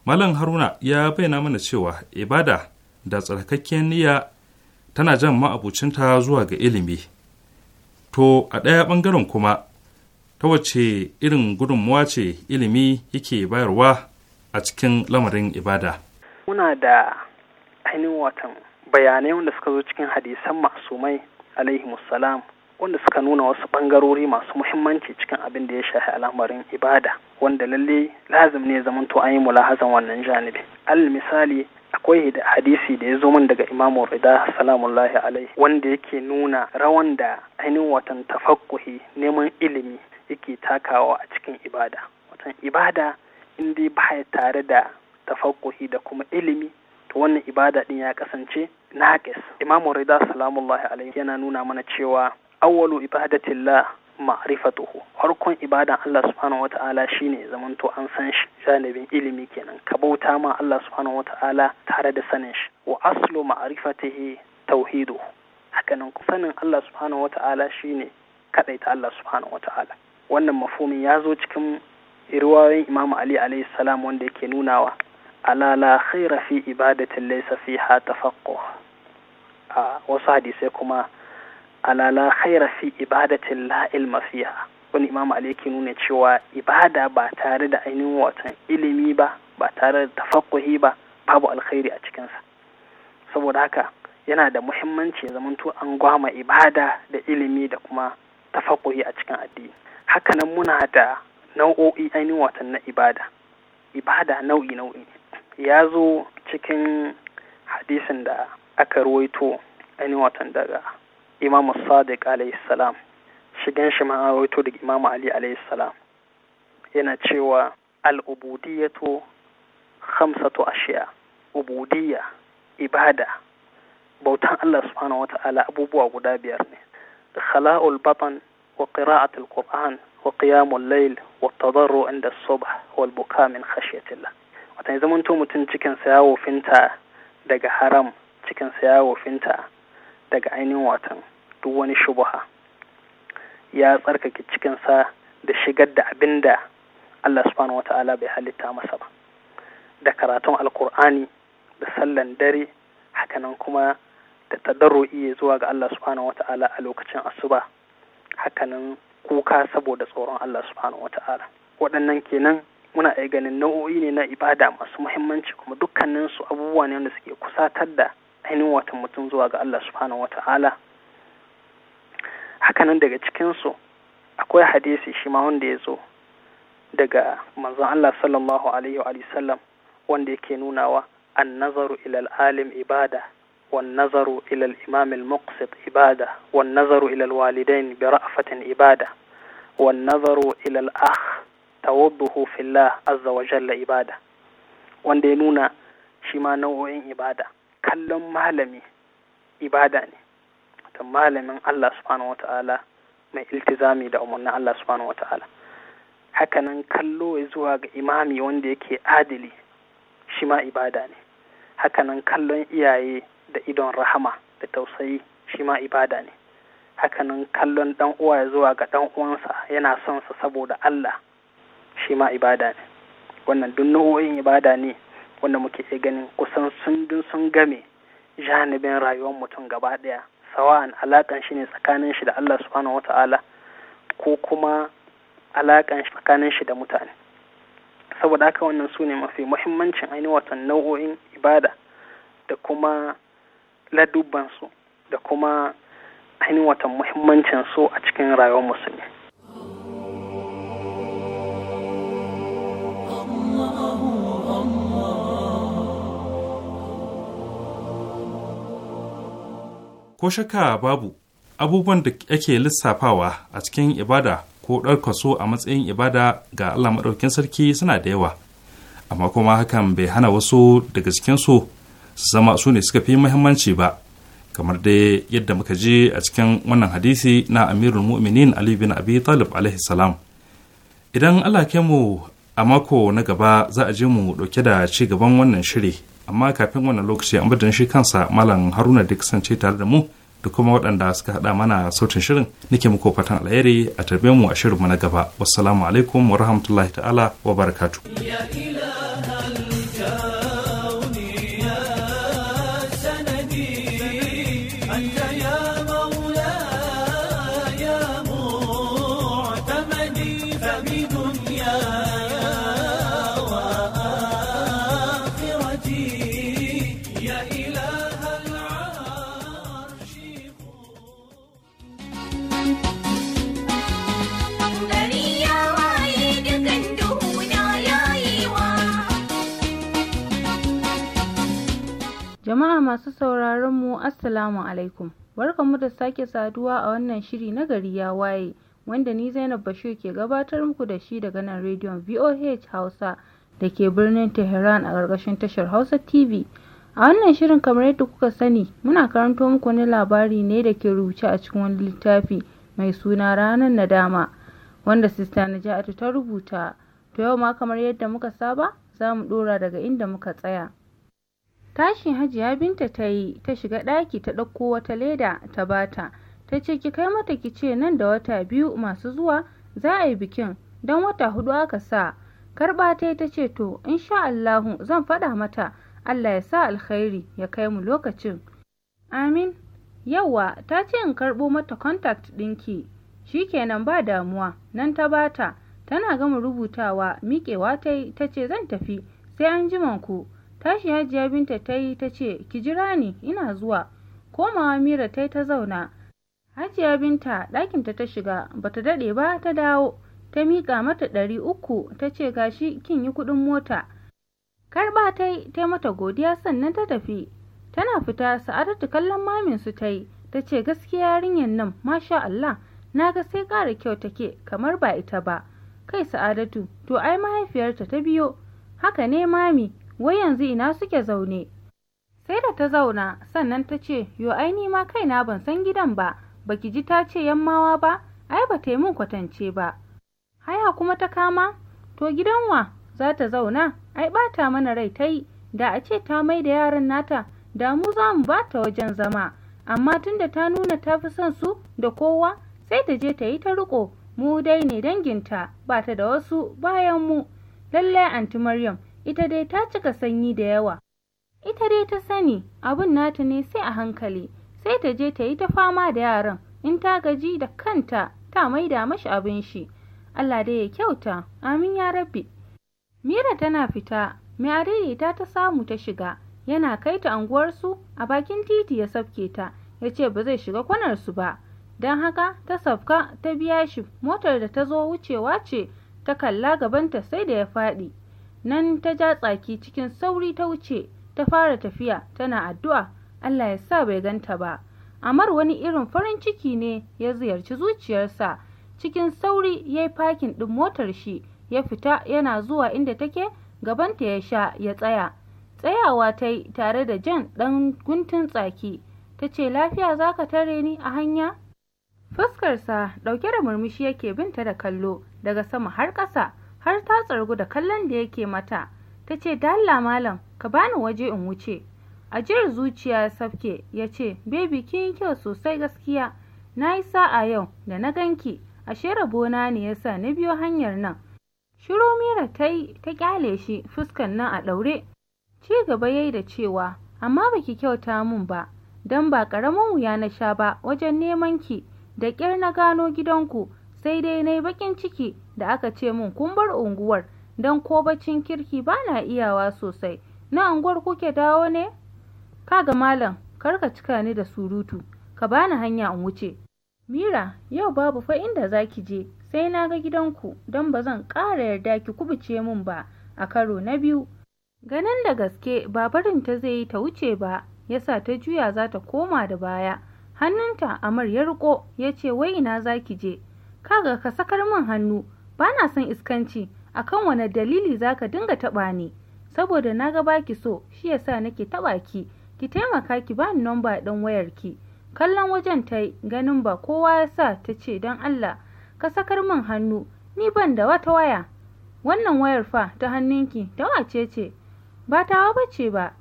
malam haruna ya bayyana mana cewa ibada da tsarkakken niyya tana jan ma'abucinta zuwa ga ilimi to a ɗaya ɓangaren kuma ta wace irin gudunmuwa ce ilimi yake bayarwa a cikin lamarin ibada muna da ainihin watan bayanai wanda suka zo cikin hadisan masumai alaihi musalam wanda suka nuna wasu bangarori masu muhimmanci cikin abin da ya shafi al'amarin ibada wanda lalle lazim ne zaman to an yi mulahazan wannan janibi al misali akwai hadisi da ya zo min daga imamu rida salamullahi alaihi wanda yake nuna rawan da ainihin watan tafakkuhi neman ilimi yake takawa a cikin ibada watan ibada in dai baya tare da tafakkuhi da kuma ilimi to wannan ibada din ya kasance na naqis imamu rida salamullahi alaihi yana nuna mana cewa awwalu ibadatillah ma'rifatuhu farkon ibadan Allah subhanahu wata'ala shine zamanto an san shi janibin ilimi kenan ka bauta ma Allah subhanahu wata'ala tare da sanin shi wa aslu ma'rifatihi tauhiduhu hakanan sanin Allah subhanahu wata'ala shine kadaita Allah subhanahu wata'ala wannan mafomin ya zo cikin riwayoyin imamu ali alayhi salam wanda yake nunawa ala la khaira fi ibadatin laysa fiha tafaqquh a wasu hadisai kuma ala la khaira fi ibadatin la ilma fiha wani imamu ali yake nuna cewa ibada ba tare da ainihin watan ilimi ba ba tare da tafaqquhi ba babu alkhairi a cikinsa saboda haka yana da muhimmanci ya zamanto an gwama ibada da ilimi da kuma tafakuhi a cikin addini hakanan muna da nau'o'i ainihin watan na ibada ibada nau'i nau'i ya zo cikin hadisin da aka ruwaito ainihin watan daga imam sadiq alayhi salam shigan shi ma ruwaito daga imam ali alayhi salam yana cewa al'ubudiyatu khamsatu ashiya ubudiyya ibada bautan Allah subhanahu Ta'ala abubuwa guda biyar ne khala'ul batan وقراءة القرآن وقيام الليل والتضرع عند الصبح والبكاء من خشية الله wata zaman to mutum cikinsa ya wofinta daga haram cikinsa ya wofinta daga ainihin watan duk wani shubuha ya tsarkake cikinsa da shigar da abin da Allah subhanahu wa bai halitta masa ba da karatun Alƙur'ani da sallar dare hakanan kuma da iya zuwa ga Allah subhanahu a lokacin asuba hakanan kuka saboda tsoron Allah subhanahu wata'ala waɗannan kenan muna iya ganin nau'o'i ne na ibada masu muhimmanci kuma dukkanin su abubuwa ne wanda suke kusatar da ainihin watan mutum zuwa ga Allah subhanahu wata'ala hakanan daga cikin su akwai hadisi shi ma wanda ya zo daga manzon Allah sallallahu alaihi wa sallam wanda yake nunawa an nazaru ilal alim ibada والنظر إلى الإمام المقسط إبادة والنظر إلى الوالدين برأفة إبادة والنظر إلى الأخ توضه في الله عز وجل إبادة واندينونا شما نوعين إبادة كلهم معلمي إبادة معلم من الله سبحانه وتعالى ما التزامي دا من الله سبحانه وتعالى هكذا نكلو إزواج إمامي وانديكي عادلي شما إبادة هكذا نكلو إياي da idon rahama da tausayi shi ma ibada ne hakanan kallon dan uwa ya zuwa ga dan uwansa yana son sa saboda Allah shi ma ibada ne wannan duk nau'o'in ibada ne wanda muke iya ganin kusan sun dun sun game janibin rayuwar mutum gaba daya sawa'an alakan shi ne tsakanin shi da Allah subhanahu wata'ala ko kuma alakan shi tsakanin shi da mutane saboda haka wannan su ne mafi muhimmancin ainihin watan nau'o'in ibada da kuma ladubansu da kuma ainihin watan muhimmancin su a cikin rayuwar musulmi. Ko shaka babu abubuwan da ake lissafawa a cikin ibada ko ɗaukar so a matsayin ibada ga Allah maɗaukin sarki suna da yawa, amma kuma hakan bai hana wasu daga cikinsu su zama su ne suka fi muhimmanci ba kamar dai yadda muka ji a cikin wannan hadisi na amirul mu'minin ali bin abi talib alaihi idan allah ke mu a mako na gaba za a je mu ɗauke da ci gaban wannan shiri amma kafin wannan lokaci an bada shi kansa malam haruna da kasance tare da mu da kuma waɗanda suka haɗa mana sautin shirin nake muku fatan alheri a tarbe mu a shirin mu na gaba wassalamu alaikum wa rahmatullahi ta'ala wa barakatu. masu sauraron mu Assalamu alaikum. Barkanmu da sake saduwa a wannan shiri na gari ya waye wanda ni Zainab Bashir ke gabatar muku da shi daga nan rediyon VOH Hausa da ke birnin Tehran a ƙarƙashin tashar Hausa TV. A wannan shirin kamar yadda kuka sani muna karanto muku wani labari ne da ke rubuce a cikin wani littafi mai suna ranar nadama wanda sista najatu ta rubuta. To yau ma kamar yadda muka saba za mu ɗora daga inda muka tsaya. Tashin Hajiya Binta ta yi, ta shiga ɗaki ta ɗauko wata leda ta bata. Ta ce ki kai mata ki ce nan da wata biyu masu zuwa za a yi bikin don wata hudu aka sa. Karɓa ta yi ta ce to insha Allahu zan faɗa mata Allah ya sa alkhairi ya kai mu lokacin. Amin. Yawwa ta ce in karɓo mata contact ɗinki. Shikenan ba damuwa nan ta bata. Tana gama rubutawa miƙewa ta yi ta ce zan tafi sai an ku. Tashi Hajiya Binta ta yi ta ce, Ki jira ni, ina zuwa. Komawa Mira ta ta zauna. Hajiya Binta ɗakinta ta shiga, bata daɗe ba ta dawo. Ta miƙa mata ɗari uku, ta ce gashi kin yi kuɗin mota. Karɓa ta yi, ta mata godiya sannan ta tafi. Tana fita sa'adatu kallon mamin su ta yi, ta ce gaskiya yarinyar nan, masha Allah, na ga sai ƙara kyau take kamar ba ita ba. Kai sa'adatu, to ai mahaifiyarta ta biyo. Haka ne mami, wai yanzu ina suke zaune sai da ta zauna sannan ta ce yo ai ni ma kaina ban san gidan ba baki ji ta ce yammawa ba ai ba ta yi min kwatance ba haya kuma ta kama to gidan wa za ta zauna ai ɓata mana rai ta yi da a ce ta mai da yaran nata da mu za mu ba ta wajen zama amma tunda ta nuna ta fi son su da kowa sai ta je ta yi ta riƙo mu dai ne danginta ba ta da wasu bayan mu lallai anti maryam ita dai ta cika sanyi da yawa ita dai ta sani abin nata ne sai a hankali sai ta je ta yi ta fama da yaran in ta gaji da kanta ta maida mashi abin shi Allah dai ya kyauta amin ya rabbi Mira tana fita mai ta ta samu ta shiga yana kai ta anguwarsu a bakin titi ya sabke ta ya ce ba zai shiga kwanarsu ba don haka ta safka ta biya shi motar da ta zo wucewa ce ta kalla gabanta sai da ya faɗi nan ta ja tsaki cikin sauri ta wuce ta fara tafiya tana addu'a Allah ya sa bai ganta ba Amar wani irin farin ciki ne ya ziyarci zuciyarsa cikin sauri ya yi fakin ɗin motar shi ya fita yana zuwa inda take gabanta ya sha ya tsaya tsayawa ta yi tare da jan ɗan guntun tsaki ta ce lafiya za ka tare ni a hanya fuskarsa ɗauke da murmushi yake binta da kallo daga sama har ƙasa har ta tsargu da kallon da yake mata ta ce dalla malam ka bani waje in wuce ajiyar zuciya ya safke ya ce bebi kin yi kyau sosai gaskiya na yi sa'a yau da na ganki ashe rabona ne ya sa na biyo hanyar nan shiru mira ta yi ta kyale shi fuskan nan a ɗaure ci gaba yayi da cewa amma baki kyauta mun ba don ba ƙaramin wuya na sha ba wajen neman ki da ƙyar na gano gidanku sai dai na yi bakin ciki da aka ce min kun bar unguwar don ko bacin kirki ba na iyawa sosai na unguwar kuke dawo ne kaga malam kar ka cika ni da surutu ka bani hanya in wuce mira yau babu fa inda ki je sai na ga gidanku don ba zan ƙara yarda ki kubuce min ba a karo na biyu ganin da gaske ba ta zai yi ta wuce ba ya sa ta juya za ta koma da baya hannunta amar ya riko ya ce wai ina za ki je kaga ka sakar min hannu ba na son iskanci kan wane dalili za ka dinga taɓa ni saboda na ga baki so shi ya sa nake taɓa ki ki taimaka ki ba ni namba ɗin wayarki. kallon wajen ta ganin ba kowa ya sa ta ce don Allah ka sakar min hannu ni ban da wata waya wannan wayar fa ta hannunki ta wace ce ba tawa ba ce ba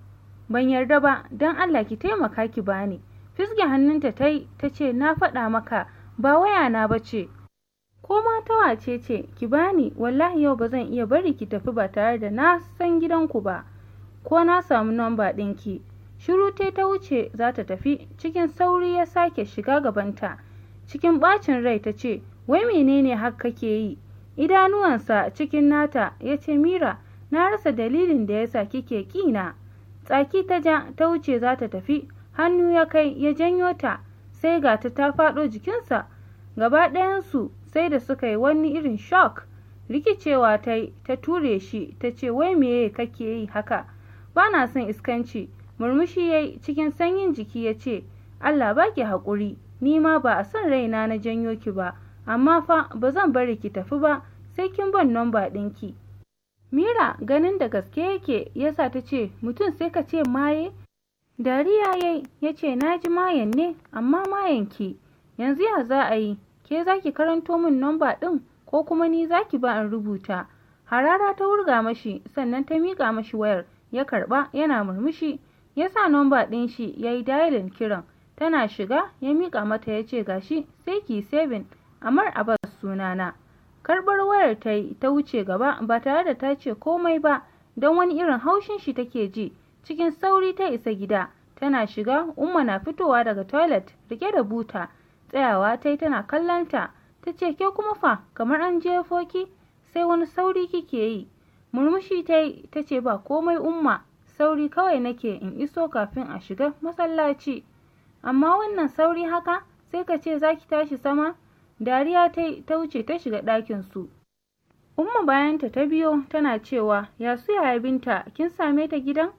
ban yarda ba don Allah ki taimaka ki bani fisge hannunta ta yi ta ce na faɗa maka ba waya na ba ce ko ma ta wace ce ki bani wallahi yau ba zan iya bari ki tafi ba tare da na san gidanku ba ko na samu namba ɗinki shiru ta wuce za ta tafi cikin sauri ya sake shiga gabanta cikin bacin rai ta ce wai menene har kake yi idanuwansa cikin nata ya ce mira na rasa dalilin da yasa kike ƙina tsaki ta ja ta wuce za ta tafi hannu ya kai ya janyo ta sai ga ta ta faɗo jikinsa gaba ɗayansu sai da suka yi wani irin shock rikicewa ta ta ture shi ta ce wai meye kake yi haka ba na son iskanci murmushi ya cikin sanyin jiki ya ce allah ba ki haƙuri ni ma ba a son raina na janyo ki ba amma fa ba zan bari ki tafi ba sai kin ban nomba ɗinki mira ganin da gaske yake yasa ta ce mutum sai ka ce maye dariya ya ce na ji mayen ne amma mayen ki yanzu ya za a yi ke za ki karanto min nomba ɗin ko kuma ni za ki ba in rubuta harara ta wurga mashi sannan ta miƙa mashi wayar ya karɓa yana murmushi ya sa nomba ɗin shi ya yi dayalin kiran tana shiga ya miƙa mata ya ce gashi sai ki sevin amar abbas sunana karɓar wayar ta yi ta wuce gaba ba tare da ta ce komai ba don wani irin haushin shi take ji cikin sauri ta isa gida tana shiga umma na fitowa daga toilet rike da buta tsayawa ta yi tana kallanta ta ce ke kuma fa kamar an jefo ki sai wani sauri kike yi murmushi ta yi ce ba komai umma sauri kawai nake in iso kafin a shiga masallaci amma wannan sauri haka sai ka ce za ki tashi sama dariya ta wuce ta shiga ɗakin su umma bayanta ta biyo tana cewa ya su yaya binta kin same ta gidan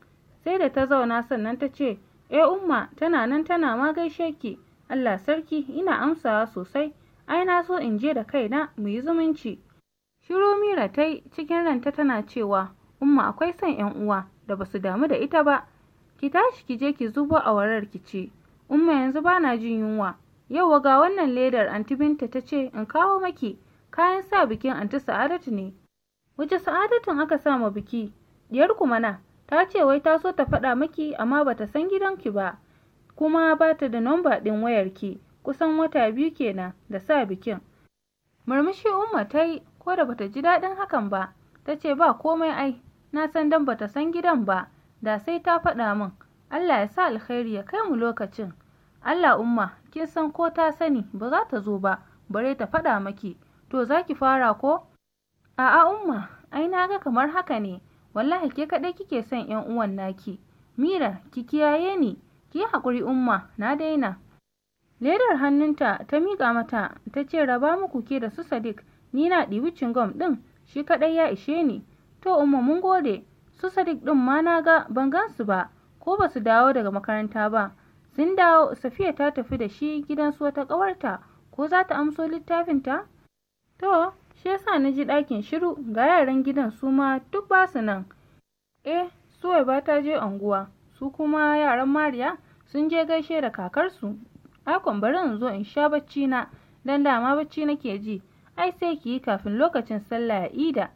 sai da ta zauna sannan ta ce eh umma tana nan tana ma gaishe ki Allah sarki ina amsawa sosai ai na so in je da kaina mu yi zumunci shiru mira tai cikin ranta tana cewa umma akwai son yan uwa da basu damu da ita ba ki tashi ki je ki zubo awarar ki ce umma yanzu bana jin yunwa yau ga wannan ledar anti binta ta ce in kawo maki kayan sa bikin anti sa'adatu ne wace sa'adatun aka sa ma biki diyar na ta ce wai ta so ta faɗa maki amma bata san gidanki ba kuma ba ta da nomba ɗin wayarki kusan wata biyu kenan da sa bikin murmushi umma ta yi ko da bata ji daɗin hakan ba ta ce ba komai ai na san dan bata san gidan ba da sai ta faɗa min Allah ya sa alkhairi ya kai mu lokacin Allah umma kin san ko ta sani ba za ta zo ba bare ta faɗa maki to za ki fara ko a'a umma ai na ga kamar haka ne wallahi ke kaɗai kike son yan uwan naki mira ki kiyaye ni ki haƙuri umma na daina ledar hannunta ta miƙa mata ta ce raba muku ke da su sadiq ni na ɗibi cingom ɗin shi kaɗai ya ishe ni to umma mun gode su sadiq ɗin ma na ga ban gansu ba ko ba su dawo daga makaranta ba sun dawo safiya ta tafi da shi gidan su wata ƙawarta ko za ta amso littafinta to shi yasa na ji ɗakin shiru ga yaran gidan su ma duk ba su nan eh suwai ba ta je unguwa su kuma yaran mariya sun je gaishe da kakarsu akon bari in zo in sha bacci na dan dama bacci nake ji ai sai ki yi kafin lokacin sallah ya ida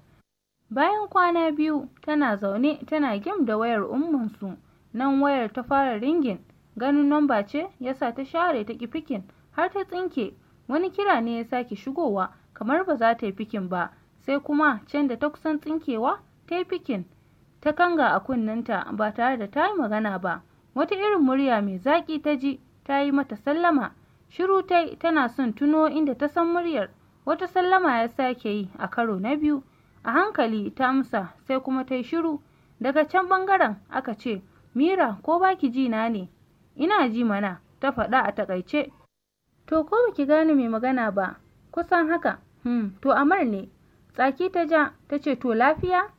bayan kwana biyu tana zaune tana gim da wayar ummansu nan wayar ta fara ringin ganin namba ce yasa ta share ta ki fikin har ta tsinke wani kira ne ya sake shigowa kamar ba za ta yi fikin ba sai kuma can da ta kusan tsinkewa ta yi fikin ta kanga a kunnenta ba tare da ta yi magana ba wata irin murya mai zaƙi ta ji ta yi mata sallama shiru ta tana son tuno inda ta san muryar wata sallama ya sake yi a karo na biyu a hankali ta amsa sai kuma ta yi shiru daga can bangaren aka ce mira ko baki ji na ne ina ji mana ta faɗa a takaice to ko ki gane mai magana ba kusan haka hmm to amar ne tsaki ta ja ta ce to lafiya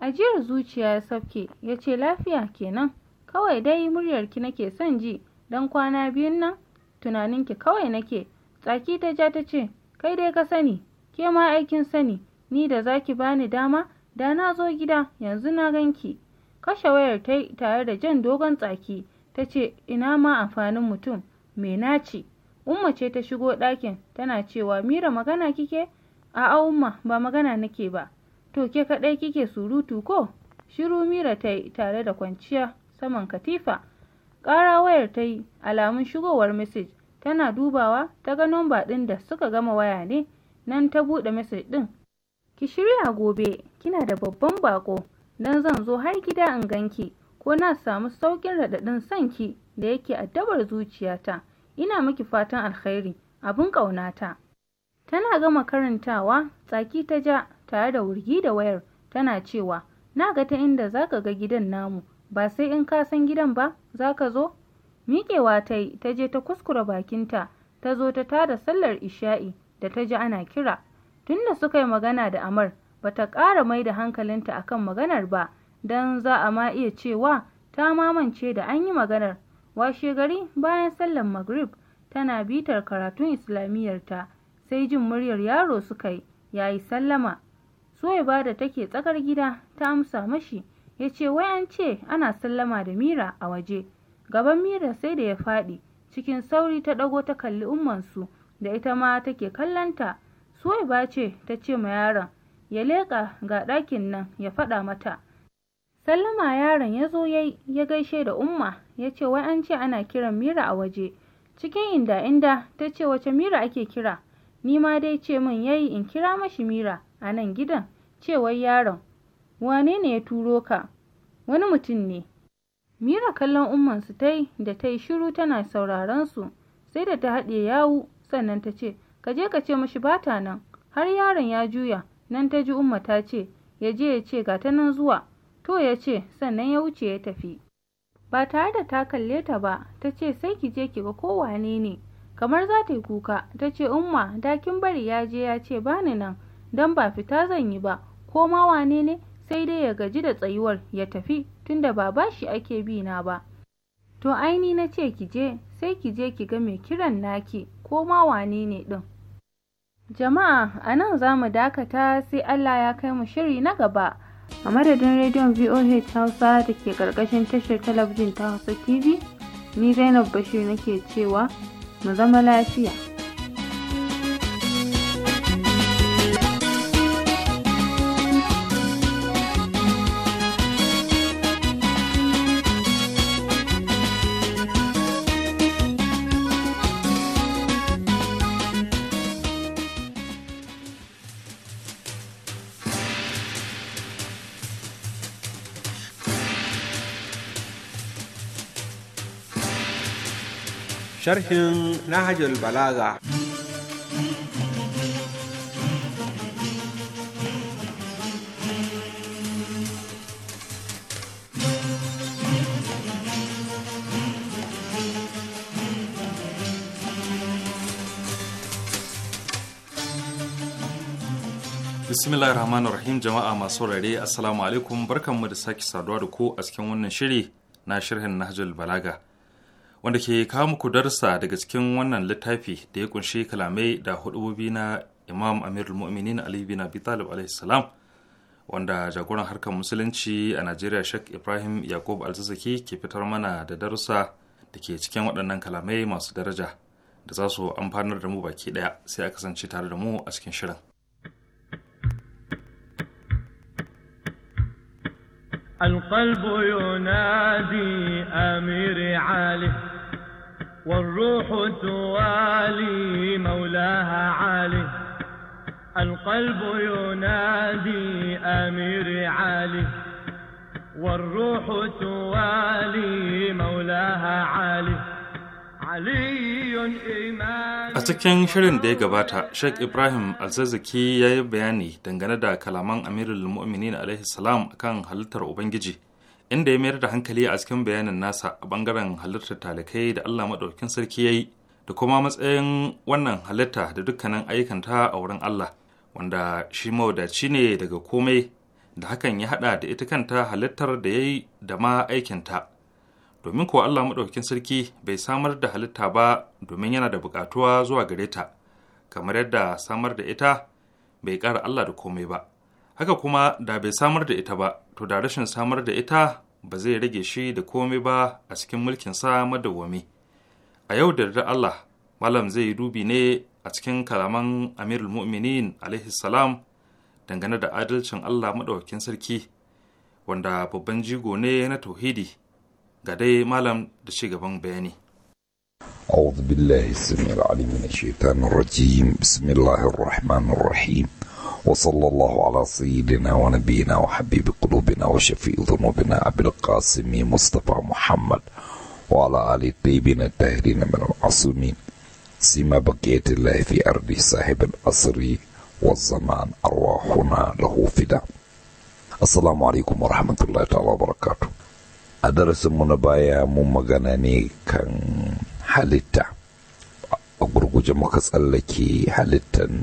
ajiyar zuciya ya sauke ya ce lafiya kenan kawai dai muryarki nake son ji don kwana biyun nan tunaninki kawai nake tsaki ta ja ta ce kai dai ka sani ke ma aikin sani ni da zaki bani dama da na zo gida yanzu na ganki kashe wayar ta tare da jan dogon tsaki ta ce ina ma amfanin mutum me naci umma ce ta shigo ɗakin tana cewa mira magana kike a'a umma ba magana nake ba To ke kaɗai kike surutu ko? Shiru Mira ta yi tare da kwanciya saman katifa. Ƙara wayar ta yi alamun shigowar message tana dubawa ta ga nomba ɗin da suka gama waya ne nan ta buɗe message ɗin. Ki shirya gobe kina da babban bako nan zan zo har gida in ganki ko na samu sauƙin raɗaɗin sanki da yake addabar zuciyata. Ina miki fatan alkhairi abin ƙaunata. Tana gama karantawa tsaki ta ja tare da wurgi da wayar tana cewa na ga ta inda za ka ga gidan namu ba sai in ka san gidan ba za ka zo miƙewa ta yi ta je ta kuskura bakinta ta zo ta tada sallar isha'i da ta ji ana kira tunda suka yi magana da amar ta ƙara mai da hankalinta a kan maganar ba don za a ma iya cewa ta mamance da an yi maganar washe gari bayan sallar maghrib tana bitar karatun islamiyyarta sai jin muryar yaro suka yi ya yi sallama Suwaiba da take tsakar gida ta amsa mashi ya ce wai an ce ana sallama da Mira a waje. Gaban Mira sai da ya faɗi cikin sauri ta ɗago ta kalli ummansu da ita ma take kallanta. Suwaiba ce ta ce ma yaron ya leƙa ga ɗakin nan ya faɗa mata. Sallama yaron ya zo ya gaishe da umma ya ce wai an ce ana kiran Mira a waje. Cikin inda inda ta ce wace Mira ake kira. Ni ma dai ce min yayi in kira mashi Mira. a nan gidan ce wai yaron wane ne ya turo ka wani mutum ne mira kallon ummansu su yi da ta yi shiru tana sauraron su sai da ta haɗe yawu sannan ta ce ka je ka ce mashi bata nan har yaron ya juya nan ta ji umma ta ce ya je ya ce ga ta nan zuwa to ya ce sannan ya wuce ya tafi ba tare da ta kalle ta ba ta ce sai ki je ki ga ko wane ne kamar za ta yi kuka ta ce umma dakin bari ya je ya ce bani nan don ba fita zan yi ba ko ma wane ne sai dai ya gaji da tsayuwar ya tafi tunda ba bashi ake bi na ba to aini ni na ce ki je sai ki je ki ga mai kiran naki ko ma wane ne din jama'a a nan za mu dakata sai Allah ya kai mu shiri na gaba a madadin rediyon voh hausa da ke ƙarƙashin tashar talabijin ta hausa tv ni zainab bashir nake cewa mu zama lafiya sharhin Nahajul Balaga. bismillah rahman rahim jama'a masu rare assalamu alaikum barkanmu da sake saduwa da ku a cikin wannan shiri na shirhin nahjul balaga wanda ke kawo muku darsa daga cikin wannan littafi da ya kunshi kalamai da hudubobi na imam amirul mu'minin ali bin abi talib alaihi wanda jagoran harkar musulunci a najeriya shek ibrahim yakub alzazaki ke fitar mana da darussa da ke cikin waɗannan kalamai masu daraja da za su amfanar da mu baki ɗaya sai a kasance tare da mu a cikin shirin القلب ينادي أمير علي والروح توالي مولاها علي القلب ينادي أمير علي والروح توالي مولاها علي علي إمام cikin shirin da ya gabata, Sheikh Ibrahim Alzazzaki ya yi bayani dangane da kalaman Amirul Mu'minin alaihi salam kan halittar Ubangiji, inda ya mayar da hankali a cikin bayanin nasa a bangaren halittar talikai da Allah maɗaukin sarki ya yi, da kuma matsayin wannan halitta da dukkanin ayyukanta a wurin Allah, wanda shi mawadaci ne daga komai, da hakan ya haɗa da ita kanta halittar da ya yi da ma aikinta. domin ko Allah maɗaukakin sarki bai samar da halitta ba domin yana da buƙatuwa zuwa gare ta kamar yadda samar da ita bai ƙara Allah da komai ba haka kuma da bai samar da ita ba to da rashin samar da ita ba zai rage shi da komai ba a cikin mulkin sa madawwami a yau da da Allah malam zai yi dubi ne a cikin kalaman Amirul Mu'minin alaihi salam dangane da adalcin Allah maɗaukakin sarki wanda babban jigo ne na tauhidi ga malam da ci bayani أعوذ بالله السميع العليم من الشيطان الرجيم بسم الله الرحمن الرحيم وصلى الله على سيدنا ونبينا وحبيب قلوبنا وشفيع ذنوبنا أبي القاسم مصطفى محمد وعلى آل الطيبين الطاهرين من المعصومين سيما بقية الله في أرض صاحب الأسر والزمان أرواحنا له فدا السلام عليكم ورحمة الله تعالى وبركاته a darasin mu na baya mun magana ne kan halitta a gurguje muka tsallake halittan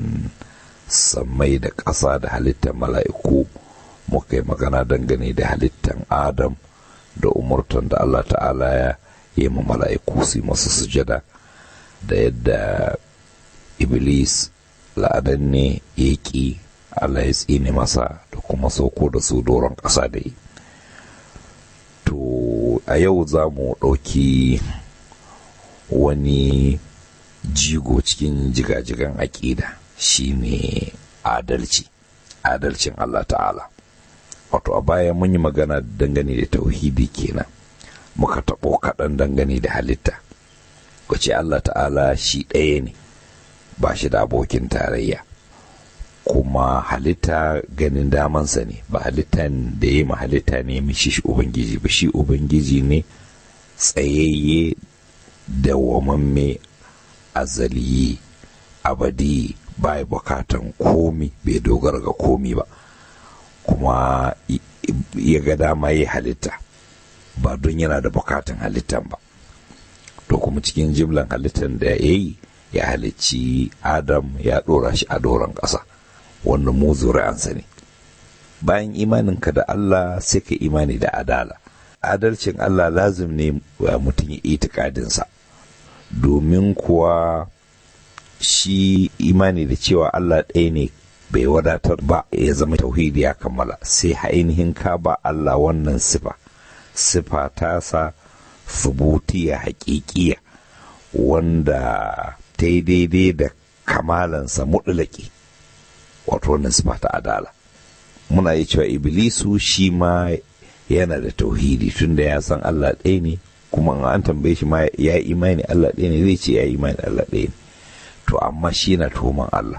samai da ƙasa da halittan mala'iku muka yi magana dangane da halittan adam da umurtan da allah ta'ala ya yi ma mala'iku su masu sujada da yadda iblis la'adanne yake ya allah ya tsine masa da kuma sauko da su doron ƙasa da yi to a yau za mu ɗauki wani jigo cikin jigajigan aƙida shine adalci adalcin Allah ta'ala wato a baya mun yi magana dangane da tauhidi kenan muka taɓo kaɗan dangane da halitta ku ce Allah ta'ala shi ɗaya ne ba shi da abokin tarayya kuma halitta ganin damansa ne ba halittan da ya ma halitta ne mishi ubangiji ba shi ubangiji ne tsayayye da wamamme azaliyi abadi ba ya bukatan komi bai dogara ga komi ba kuma ya ga dama ya halitta ba don yana da bukatan halittan ba to kuma cikin jimlan halittan da ya yi ya halicci adam ya dora shi a doron ƙasa wanda mu zuri'ansa ne bayan imaninka da Allah sai ka imani da adala adalcin Allah lazim ne mutum ya itikadinsa domin kuwa shi imani da cewa Allah ɗaya ne bai wadatar ba ya zama tauhidi ya kammala sai ainihin ka ba Allah wannan sifa sifa tasa subutiya haƙiƙiya wanda ta yi daidai da kamalansa mutulaki wato wannan sifa ta adala muna yi cewa iblisu shi ma yana da tauhidi tunda ya san allah ɗaya ne kuma an tambaye shi ma ya imani allah ɗaya ne zai ce ya imani allah ɗaya ne to amma shi yana tuhuman allah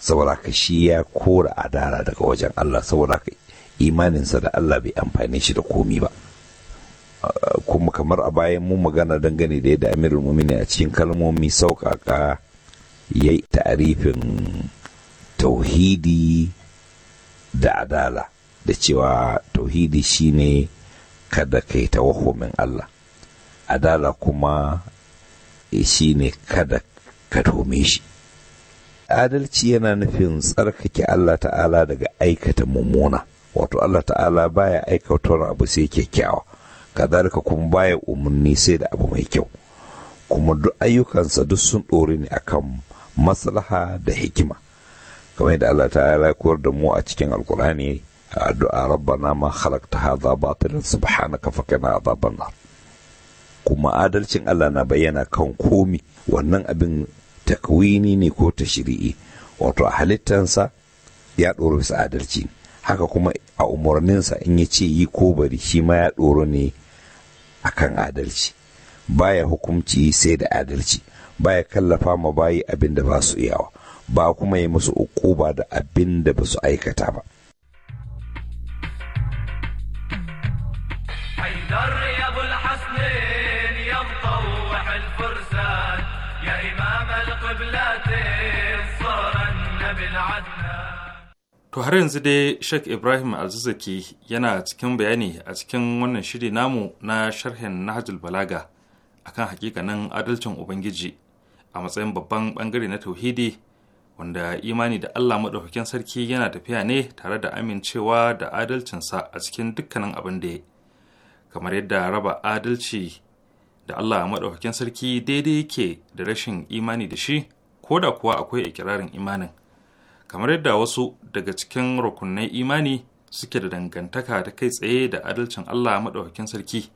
saboda ka shi ya kora adala daga wajen allah saboda ka imaninsa da allah bai amfani shi da komi ba kuma kamar a bayan mu magana dangane da yadda amirul mumini a cikin kalmomi sauƙaƙa ya yi ta'arifin tauhidi da adala da cewa tauhidi shine kada ka yi tawahumin Allah adala kuma eh, shine kada ka tome shi adalci yana nufin tsarkake Allah ta'ala daga aikata mummuna wato Allah ta'ala baya aikata wani abu sai kyakkyawa kazalika kuma baya umarni sai da abu mai kyau kuma duk ayyukansa duk sun ɗori ne akan maslaha da hikima kamar yadda Allah ta ya koyar da mu a cikin alkur'ani a addu'a rabbana ma khalaqta hadha batilan subhanaka faqina adhaban nar kuma adalcin Allah na bayyana kan komi wannan abin takwini ne ko tashri'i wato a halittansa ya ɗoro bisa adalci haka kuma a umarninsa in ya ce yi ko bari shi ma ya ɗoro ne a kan adalci baya hukumci sai da adalci baya kallafa ma bayi abin da ba su iyawa ba kuma yi musu ukuba da abin da ba su aikata ba. To har yanzu dai Sheikh Ibrahim Alzizaki yana cikin bayani a cikin wannan shiri namu na sharhin Nahjul Balaga akan hakikanin adalcin Ubangiji a matsayin babban bangare na tauhidi wanda imani da Allah maɗaukakin sarki yana tafiya ne tare da amincewa da adalcinsa a cikin dukkanin abin da kamar yadda raba adalci da Allah maɗaukakin sarki daidai yake da rashin imani da shi ko da kuwa akwai ikirarin imanin kamar yadda wasu daga cikin rukunnan imani suke da dangantaka ta kai tsaye da adalcin Allah maɗaukakin sarki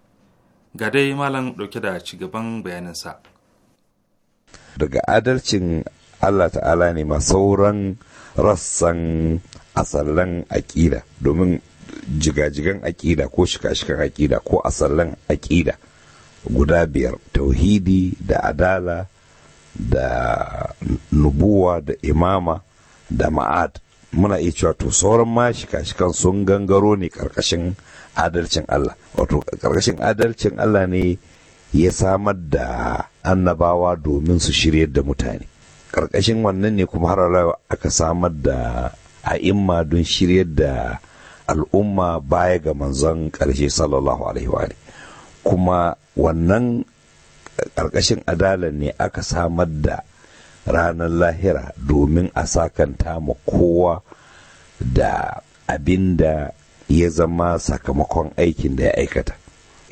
ga dai malam ɗauke da cigaban bayaninsa daga adalcin Allah ta'ala ne ma sauran rassan asallan aƙida domin jigajigan aƙida ko shika-shikan aƙida ko asallan aƙida guda biyar tauhidi da adala da nubuwa da imama da ma'ad muna iya cewa to sauran ma shika-shikan sun gangaro ne karkashin adalcin Allah wato karkashin adalcin Allah ne ya samar da annabawa domin su shiryar da mutane karkashin wannan ne kuma har aka samar da a'imma don shiryar da al'umma baya ga manzon karshe sallallahu alaihi wa kuma wannan karkashin adala ne aka samar da ranar lahira domin a sakanta ma kowa da abin da ya zama sakamakon aikin da ya aikata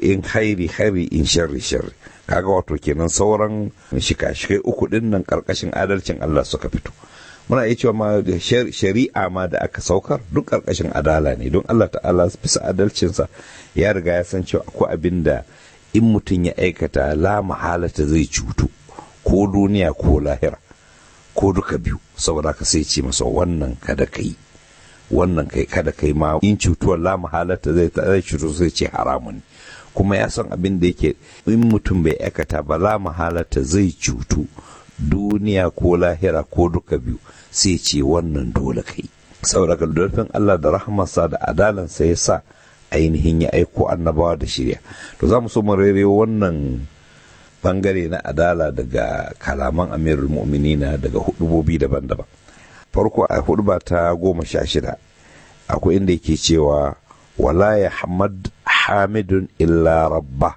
in hairi hairi in sharri sharri kaga wato kenan sauran shika-shikai uku din nan karkashin adalcin Allah suka fito muna iya cewa ma shari'a ma da aka saukar duk karkashin adala ne don Allah ta'ala bisa adalcinsa ya riga ya san cewa akwai abin da in mutum ya aikata la mahalata zai cutu ko duniya ko lahira ko duka biyu saboda ka sai ce masa wannan kada kai wannan kai kada kai ma in cutuwar la mahalata zai ta zai cutu sai ce haramun kuma ya san abin da yake in mutum bai aikata ba za mu mahalata zai cutu duniya ko lahira ko duka biyu sai ce wannan dole kai saboda dofin Allah da rahamarsa da adalansa ya sa ainihin ya aiko annabawa da shirya to za mu so mu rere wannan bangare na adala daga kalaman amirul mu'minina daga hudubobi daban-daban farko a huduba ta goma sha shida akwai inda yake cewa wala ya hamad hamidun illa rabba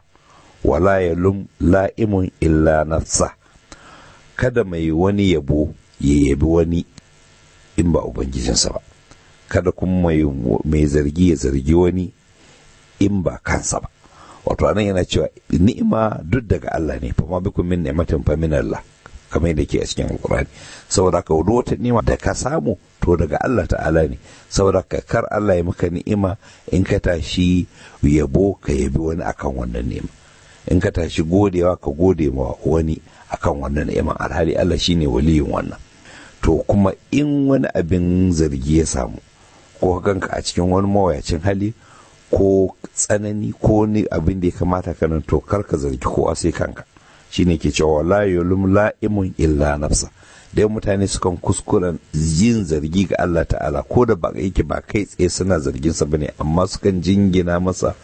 wala yalum la'imun illa nafsa kada mai wani yabo ya yabi wani in ba ubangijinsa ba kada kuma mai zargi ya zargi wani in ba kansa ba wato anan yana cewa ni'ima duk daga Allah ne fa ma bikum min ni'matin fa min Allah kamar da ke a cikin alkurani saboda ka wani wata ni'ima da ka samu to daga Allah ta'ala ne saboda ka kar Allah ya maka ni'ima in ka tashi yabo ka yabi wani akan wannan ni'ima in ka tashi godewa ka gode ma wani akan wannan ni'ima alhali Allah shi shine waliyin wannan to kuma in wani abin zargi ya samu ko kanka a cikin wani mawayacin hali ko tsanani ko wani abin da ya kamata ka nan to kar ka zargi kowa sai kanka shine ke cewa la yulum la'imun illa nafsa dai mutane sukan kuskuren yin zargi ga Allah ta'ala ko da ba yake ba kai tsaye suna zargin sa bane amma sukan jingina masa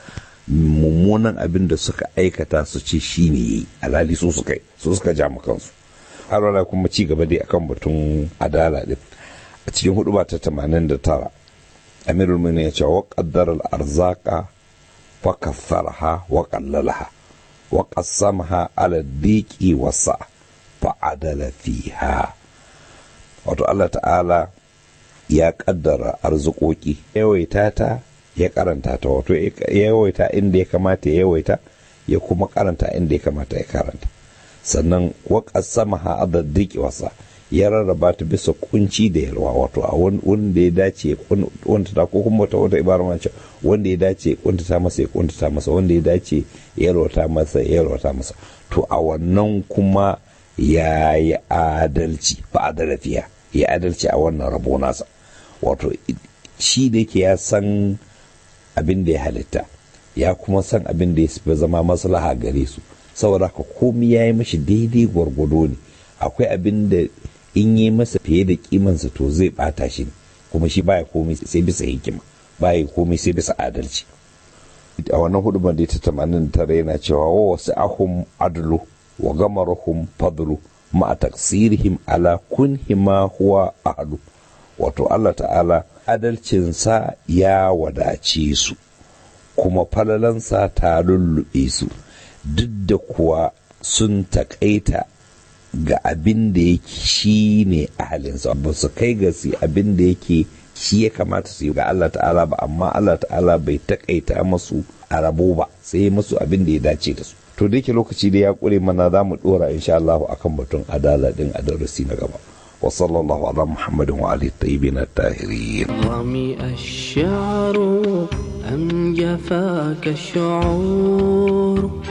mummunan abin da suka aikata su ce shine yayi alali su suka su suka ja mu kansu har wala kuma ci gaba dai akan batun adala din a cikin hudu ba ta 89 amirul mu'minin ya ce wa qaddara al-arzaqa fa ha wa qallalaha wa qassamaha ala diqi wasa a fiha wato Allah ta'ala ya kaddara arzikoki yawaita ta ya karanta ta wato yawaita inda ya kamata ya yawaita ya kuma karanta inda ya kamata ya karanta sannan wa qassamaha ala wasa ya rarraba ta bisa kunci da yalwa wato a wanda ya dace wanda ta kuma wata wata ibara ma wanda ya dace ta masa ya kunta ta masa wanda ya dace ta masa ta masa to a wannan kuma ya yi adalci ba a darafiya ya adalci a wannan rabo nasa wato shi da yake ya san abin da ya halitta ya kuma san abin da ya fi zama maslaha gare su saboda haka komi ya yi mashi daidai gwargwado ne akwai abin da in yi masa fiye da kimansa to zai bata shi kuma shi baya komai sai bisa hikima baya komai sai bisa adalci a wannan hudu da ta tamanin tare yana cewa wa wasu ahun adalo wa gamarahum fadlu ma a taksirihim ala kun hima huwa ahlu wato Allah ta'ala adalcinsa ya wadace su kuma falalansa ta lullube su duk da kuwa sun taƙaita ga abin da yake shi ne ahalinsa ba su kai ga su abin da yake shi ya kamata su yi ga Allah ta'ala ba amma Allah ta'ala bai takaita masu a rabo ba sai masu abin da ya dace da su to da yake lokaci da ya kure mana za mu dora insha Allah akan batun adala din a darasi na gaba wa sallallahu ala muhammadin wa alihi tayyibin at-tahirin rami ash-sha'ru am yafaka ash sharu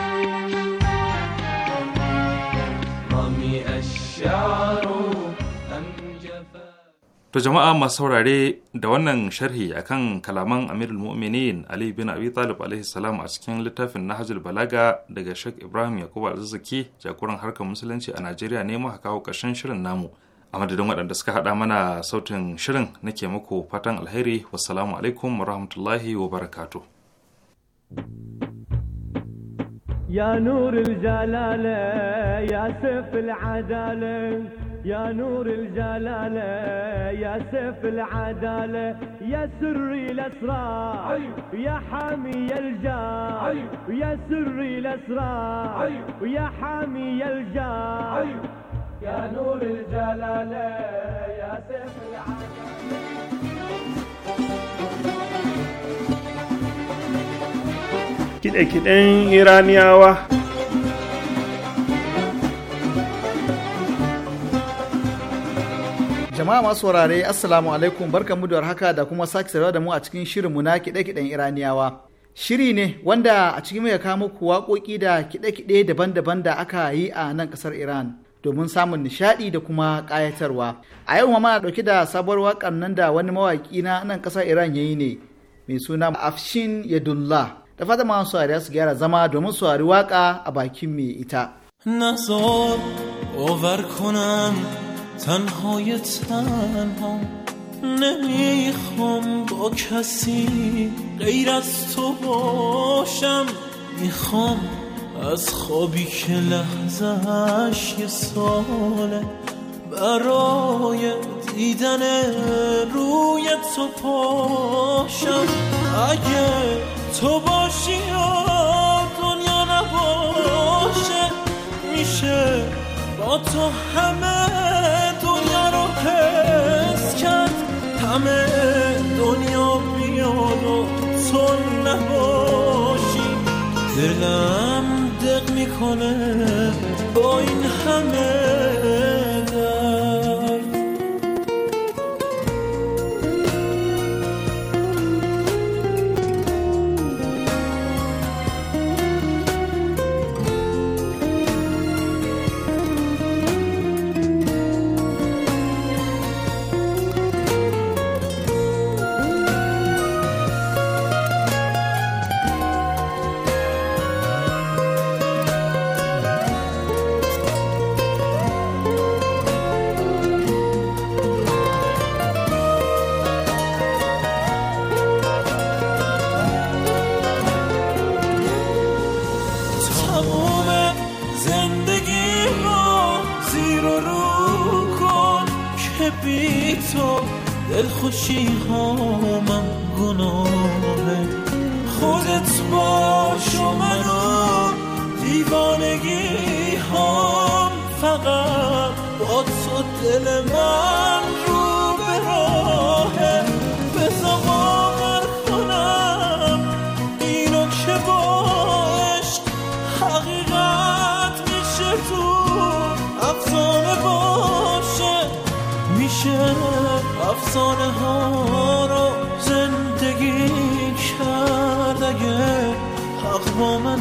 To jama'a masu saurare da wannan sharhi akan kalaman Amirul Mu'minin Ali bin Abi Talib alaihi salam a cikin littafin Nahjul Balaga daga Sheikh Ibrahim Yakubu Alzazzaki jagoran harkar musulunci a Najeriya ne muka kawo ƙarshen shirin namu. A madadin waɗanda suka haɗa mana sautin shirin nake muku fatan alheri wassalamu alaikum wa rahmatullahi wa barakatuh. يا نور الجلالة يا سيف العدالة يا نور الجلالة يا سيف العدالة يا سري الأسرار أيوه. يا حامي الجار أيوه. يا سري الأسرار أيوه. يا حامي الجار يا نور الجلالة يا سيف العدالة kiɗe-kiɗen iraniyawa jama'a masu wurare assalamu alaikum barkanmu da haka da kuma sake saurara da mu a cikin mu na kiɗe-kiɗen iraniyawa shiri ne wanda a cikin muka kawo muku waƙoƙi da kiɗe-kiɗe daban-daban da aka yi a nan ƙasar iran domin samun nishaɗi da kuma ƙayatarwa a yau ma mana ɗauke da sabuwar waƙar nan da wani mawaƙi na nan ƙasar iran ya yi ne mai suna afshin yadullah da fata ma saurari su gyara zama domin saurari waka a bakin mai ita نزار باور کنم تنهای تنها نمیخوام با کسی غیر از تو باشم میخوام از خوابی که لحظهش یه ساله برای دیدن روی تو پاشم اگه تو باشی و دنیا نباشه میشه با تو همه دنیا رو حس کرد همه دنیا بیاد و تو نباشی دلم دق میکنه با این همه دلخوشی من گناهه خودت باش و منو دیوانگی هم فقط با تو دل من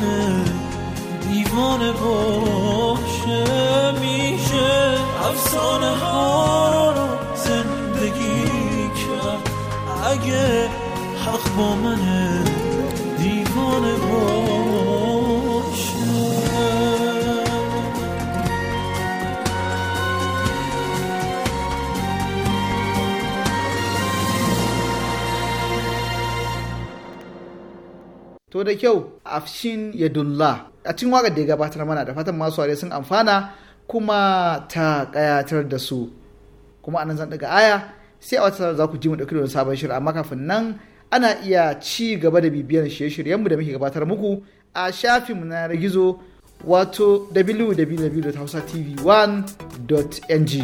منه دیوانه باشه میشه افسانه ها رو زندگی کرد اگه حق با منه دیوانه باشه تو دکیو afshin yadullah a cikin waƙar da ya gabatar mana da fatan masu ware sun amfana kuma ta ƙayatar da su kuma anan zan daga aya sai a wata za ku ji mu ɗauki da sabon shirin amma kafin nan ana iya ci gaba da bibiyar shirye mu da muke gabatar muku a shafinmu na gizo wato www.hausatv1.ng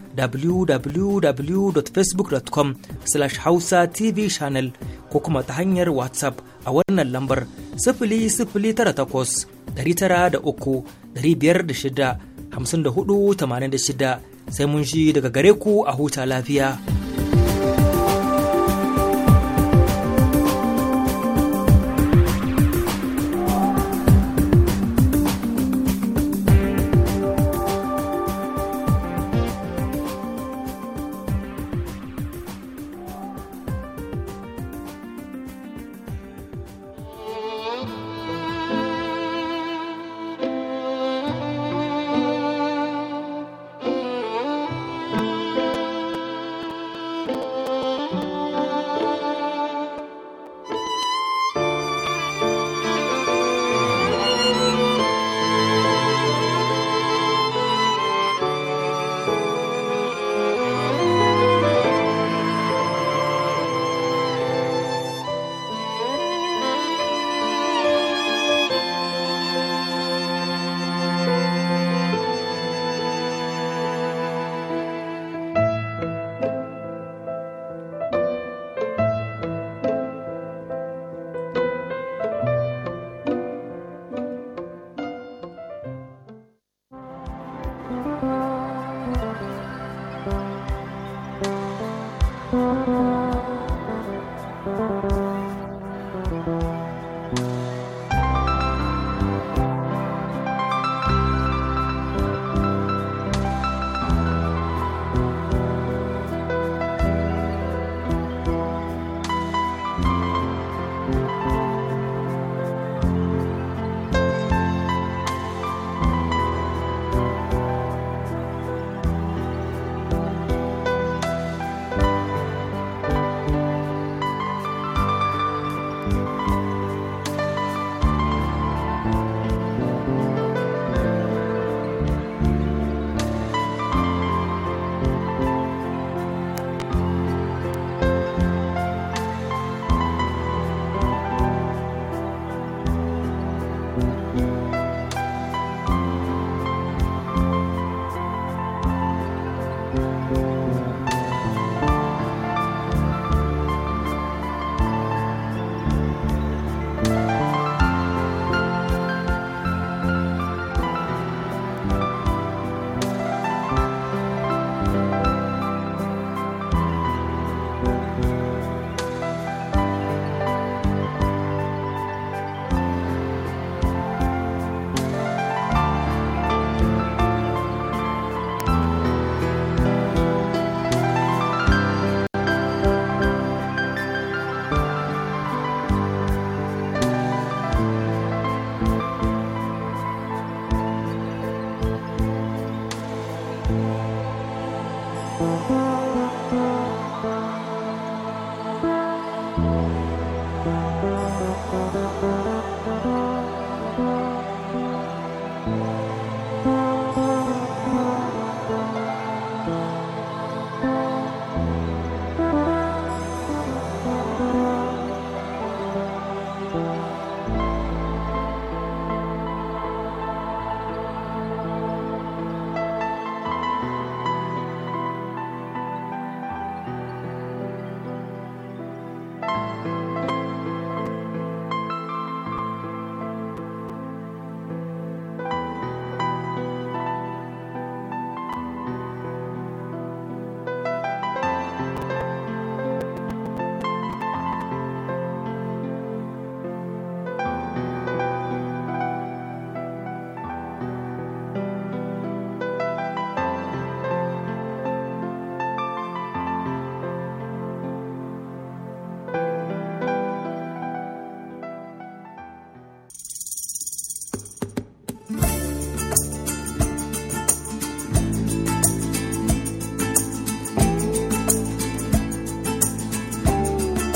www.facebook.com slash hausa tv channel ko kuma ta hanyar whatsapp a wannan lambar sifili sifili da takwas ɗari tara da ɗari biyar da hamsin da hudu tamanin da shida sai mun shi daga gare ku a huta lafiya.